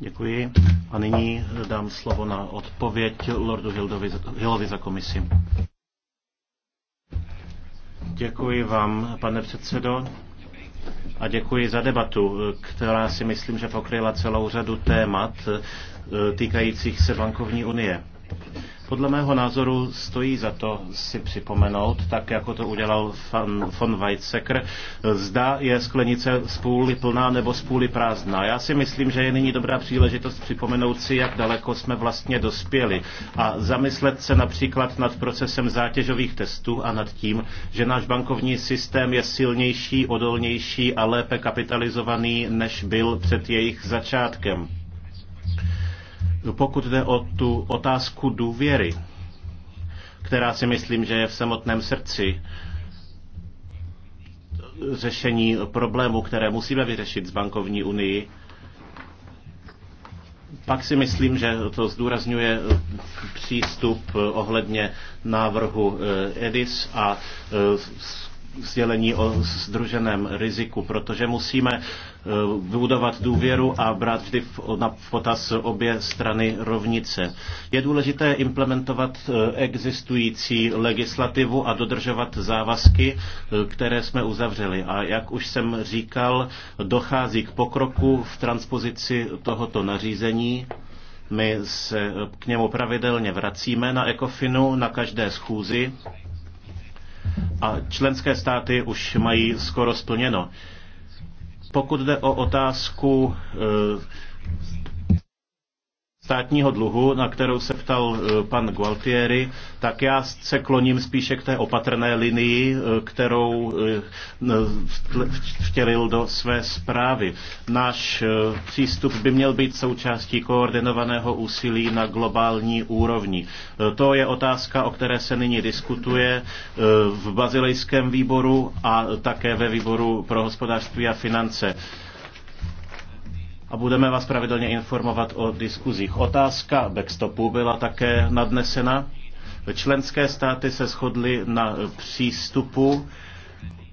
Děkuji. A nyní dám slovo na odpověď Lordu Hildovi, Hillovi za komisi. Děkuji vám, pane předsedo a děkuji za debatu, která si myslím, že pokryla celou řadu témat eh, týkajících se bankovní unie. Podle mého názoru stojí za to si připomenout, tak jako to udělal fan, von Weizsäcker, zda je sklenice z půly plná nebo z půly prázdná. Já si myslím, že je nyní dobrá příležitost připomenout si, jak daleko jsme vlastně dospěli a zamyslet se například nad procesem zátěžových testů a nad tím, že náš bankovní systém je silnější, odolnější a lépe kapitalizovaný, než byl před jejich začátkem. Pokud jde o tu otázku důvěry, která si myslím, že je v samotném srdci řešení problému, které musíme vyřešit z bankovní unii, pak si myslím, že to zdůrazňuje přístup ohledně návrhu eh, EDIS a eh, sdělení o združeném riziku, protože musíme eh, vybudovat důvěru a brát vždy v potaz obě strany rovnice. Je důležité implementovat eh, existující legislativu a dodržovat závazky, eh, které jsme uzavřeli. A jak už jsem říkal, dochází k pokroku v transpozici tohoto nařízení. My se k němu pravidelně vracíme na ECOFINu na každé schůzi a členské státy už mají skoro splněno. Pokud jde o otázku eh, státního dluhu, na kterou se ptal eh, pan Gualtieri, tak já se kloním spíše k té opatrné linii, eh, kterou eh, vtělil do své zprávy. Náš přístup by měl být součástí koordinovaného úsilí na globální úrovni. To je otázka, o které se nyní diskutuje v bazilejském výboru a také ve výboru pro hospodářství a finance a budeme vás pravidelně informovat o diskuzích. Otázka backstopu byla také nadnesena. Členské státy se shodly na přístupu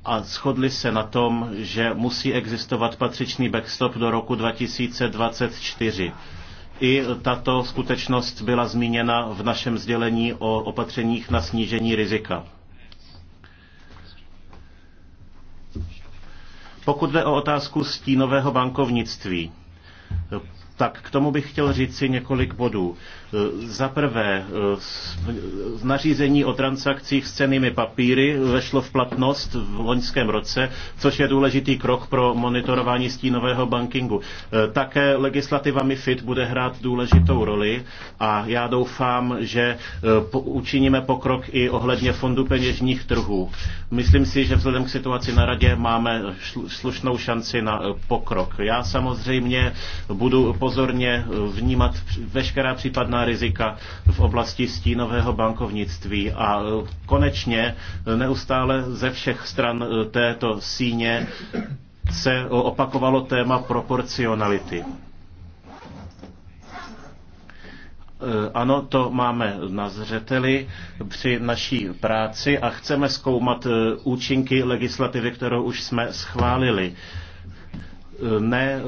a shodly se na tom, že musí existovat patřičný backstop do roku 2024. I tato skutečnost byla zmíněna v našem sdělení o opatřeních na snížení rizika. Pokud jde o otázku stínového bankovnictví, tak k tomu bych chtěl říct si několik bodů. Za prvé, eh, nařízení o transakcích s cenými papíry vešlo v platnost v loňském roce, což je důležitý krok pro monitorování stínového bankingu. Eh, také legislativa MIFID bude hrát důležitou roli a já doufám, že eh, učiníme pokrok i ohledně fondu peněžních trhů. Myslím si, že vzhledem k situaci na radě máme slušnou šanci na pokrok. Já samozřejmě budu pozorně vnímat veškerá případná závažná rizika v oblasti stínového bankovnictví. A e, konečně e, neustále ze všech stran e, této síně se opakovalo téma proporcionality. Ano, to máme na zřeteli při naší práci a chceme zkoumat účinky legislativy, kterou už jsme schválili ne,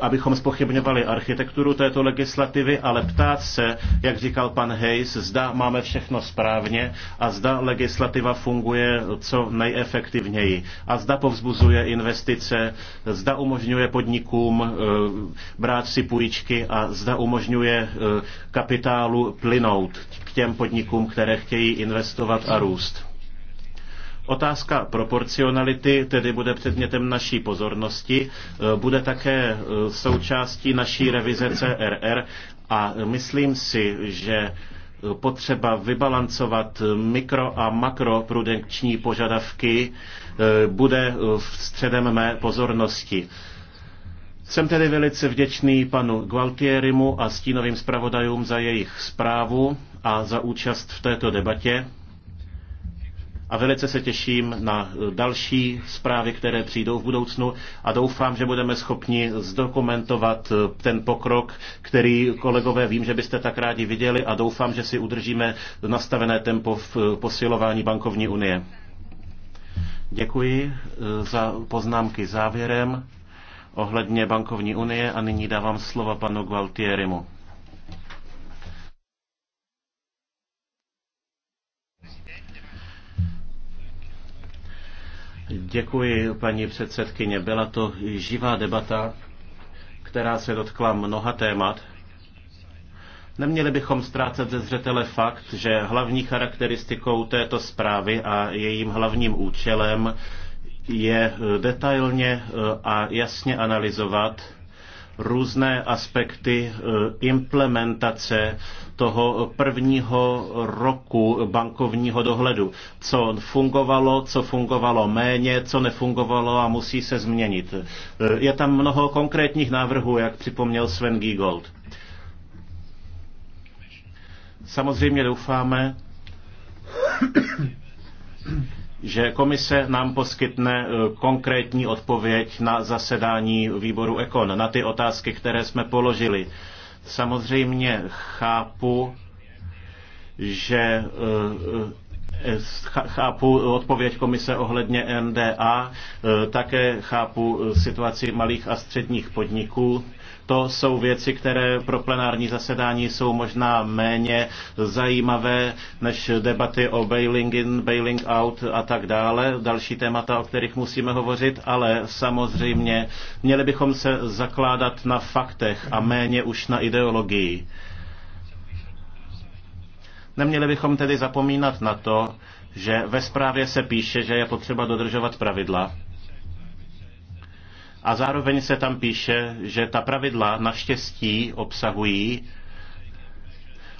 abychom spochybňovali architekturu této legislativy, ale ptát se, jak říkal pan Hayes, zda máme všechno správně a zda legislativa funguje co nejefektivněji a zda povzbuzuje investice, zda umožňuje podnikům eh, brát si půjčky a zda umožňuje eh, kapitálu plynout k těm podnikům, které chtějí investovat a růst. Otázka proporcionality tedy bude předmětem naší pozornosti, e, bude také e, součástí naší revize CRR a myslím si, že e, potřeba vybalancovat mikro a makroprudenční požadavky bude v středem mé pozornosti. Jsem tedy velice vděčný panu Gualtierimu a stínovým zpravodajům za jejich zprávu a za účast v této debatě a velice se těším na eh, další zprávy, které přijdou v budoucnu a doufám, že budeme schopni zdokumentovat eh, ten pokrok, který kolegové vím, že byste tak rádi viděli a doufám, že si udržíme nastavené tempo v eh, posilování bankovní unie. Děkuji za poznámky závěrem ohledně bankovní unie a nyní dávám slova panu Gualtierimu. Děkuji, paní předsedkyně. Byla to živá debata, která se dotkla mnoha témat. Neměli bychom ztrácet ze zřetele fakt, že hlavní charakteristikou této zprávy a jejím hlavním účelem je detailně a jasně analyzovat různé aspekty e, implementace toho prvního roku bankovního dohledu. Co fungovalo, co fungovalo méně, co nefungovalo a musí se změnit. E, je tam mnoho konkrétních návrhů, jak připomněl Sven Giegold. Samozřejmě doufáme, že komise nám poskytne eh, konkrétní odpověď na zasedání výboru Ekon, na ty otázky, které jsme položili. Samozřejmě chápu, že eh, eh, chápu odpověď komise ohledně NDA, také chápu situaci malých a středních podniků to jsou věci, které pro plenární zasedání jsou možná méně zajímavé než debaty o bailing in, bailing out a tak dále, další témata, o kterých musíme hovořit, ale samozřejmě měli bychom se zakládat na faktech a méně už na ideologii. Neměli bychom tedy zapomínat na to, že ve zprávě se píše, že je potřeba dodržovat pravidla a zároveň se tam píše, že ta pravidla naštěstí obsahují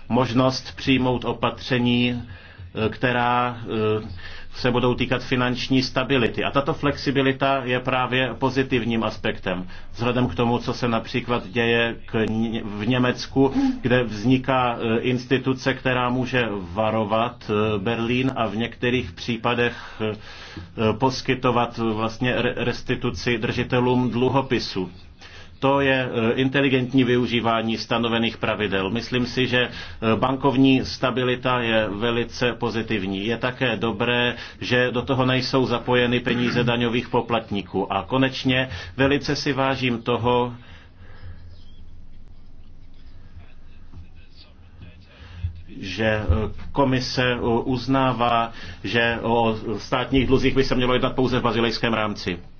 možnost přijmout opatření, eh, která eh, se budou týkat finanční stability. A tato flexibilita je právě pozitivním aspektem. Vzhledem k tomu, co se například děje k, v Německu, kde vzniká eh, instituce, která může varovat eh, Berlín a v některých případech eh, poskytovat vlastně restituci držitelům dluhopisu. To je e, inteligentní využívání stanovených pravidel. Myslím si, že e, bankovní stabilita je velice pozitivní. Je také dobré, že do toho nejsou zapojeny peníze daňových poplatníků. A konečně velice si vážím toho, že e, komise uznává, že o státních dluzích by se mělo jednat pouze v bazilejském rámci.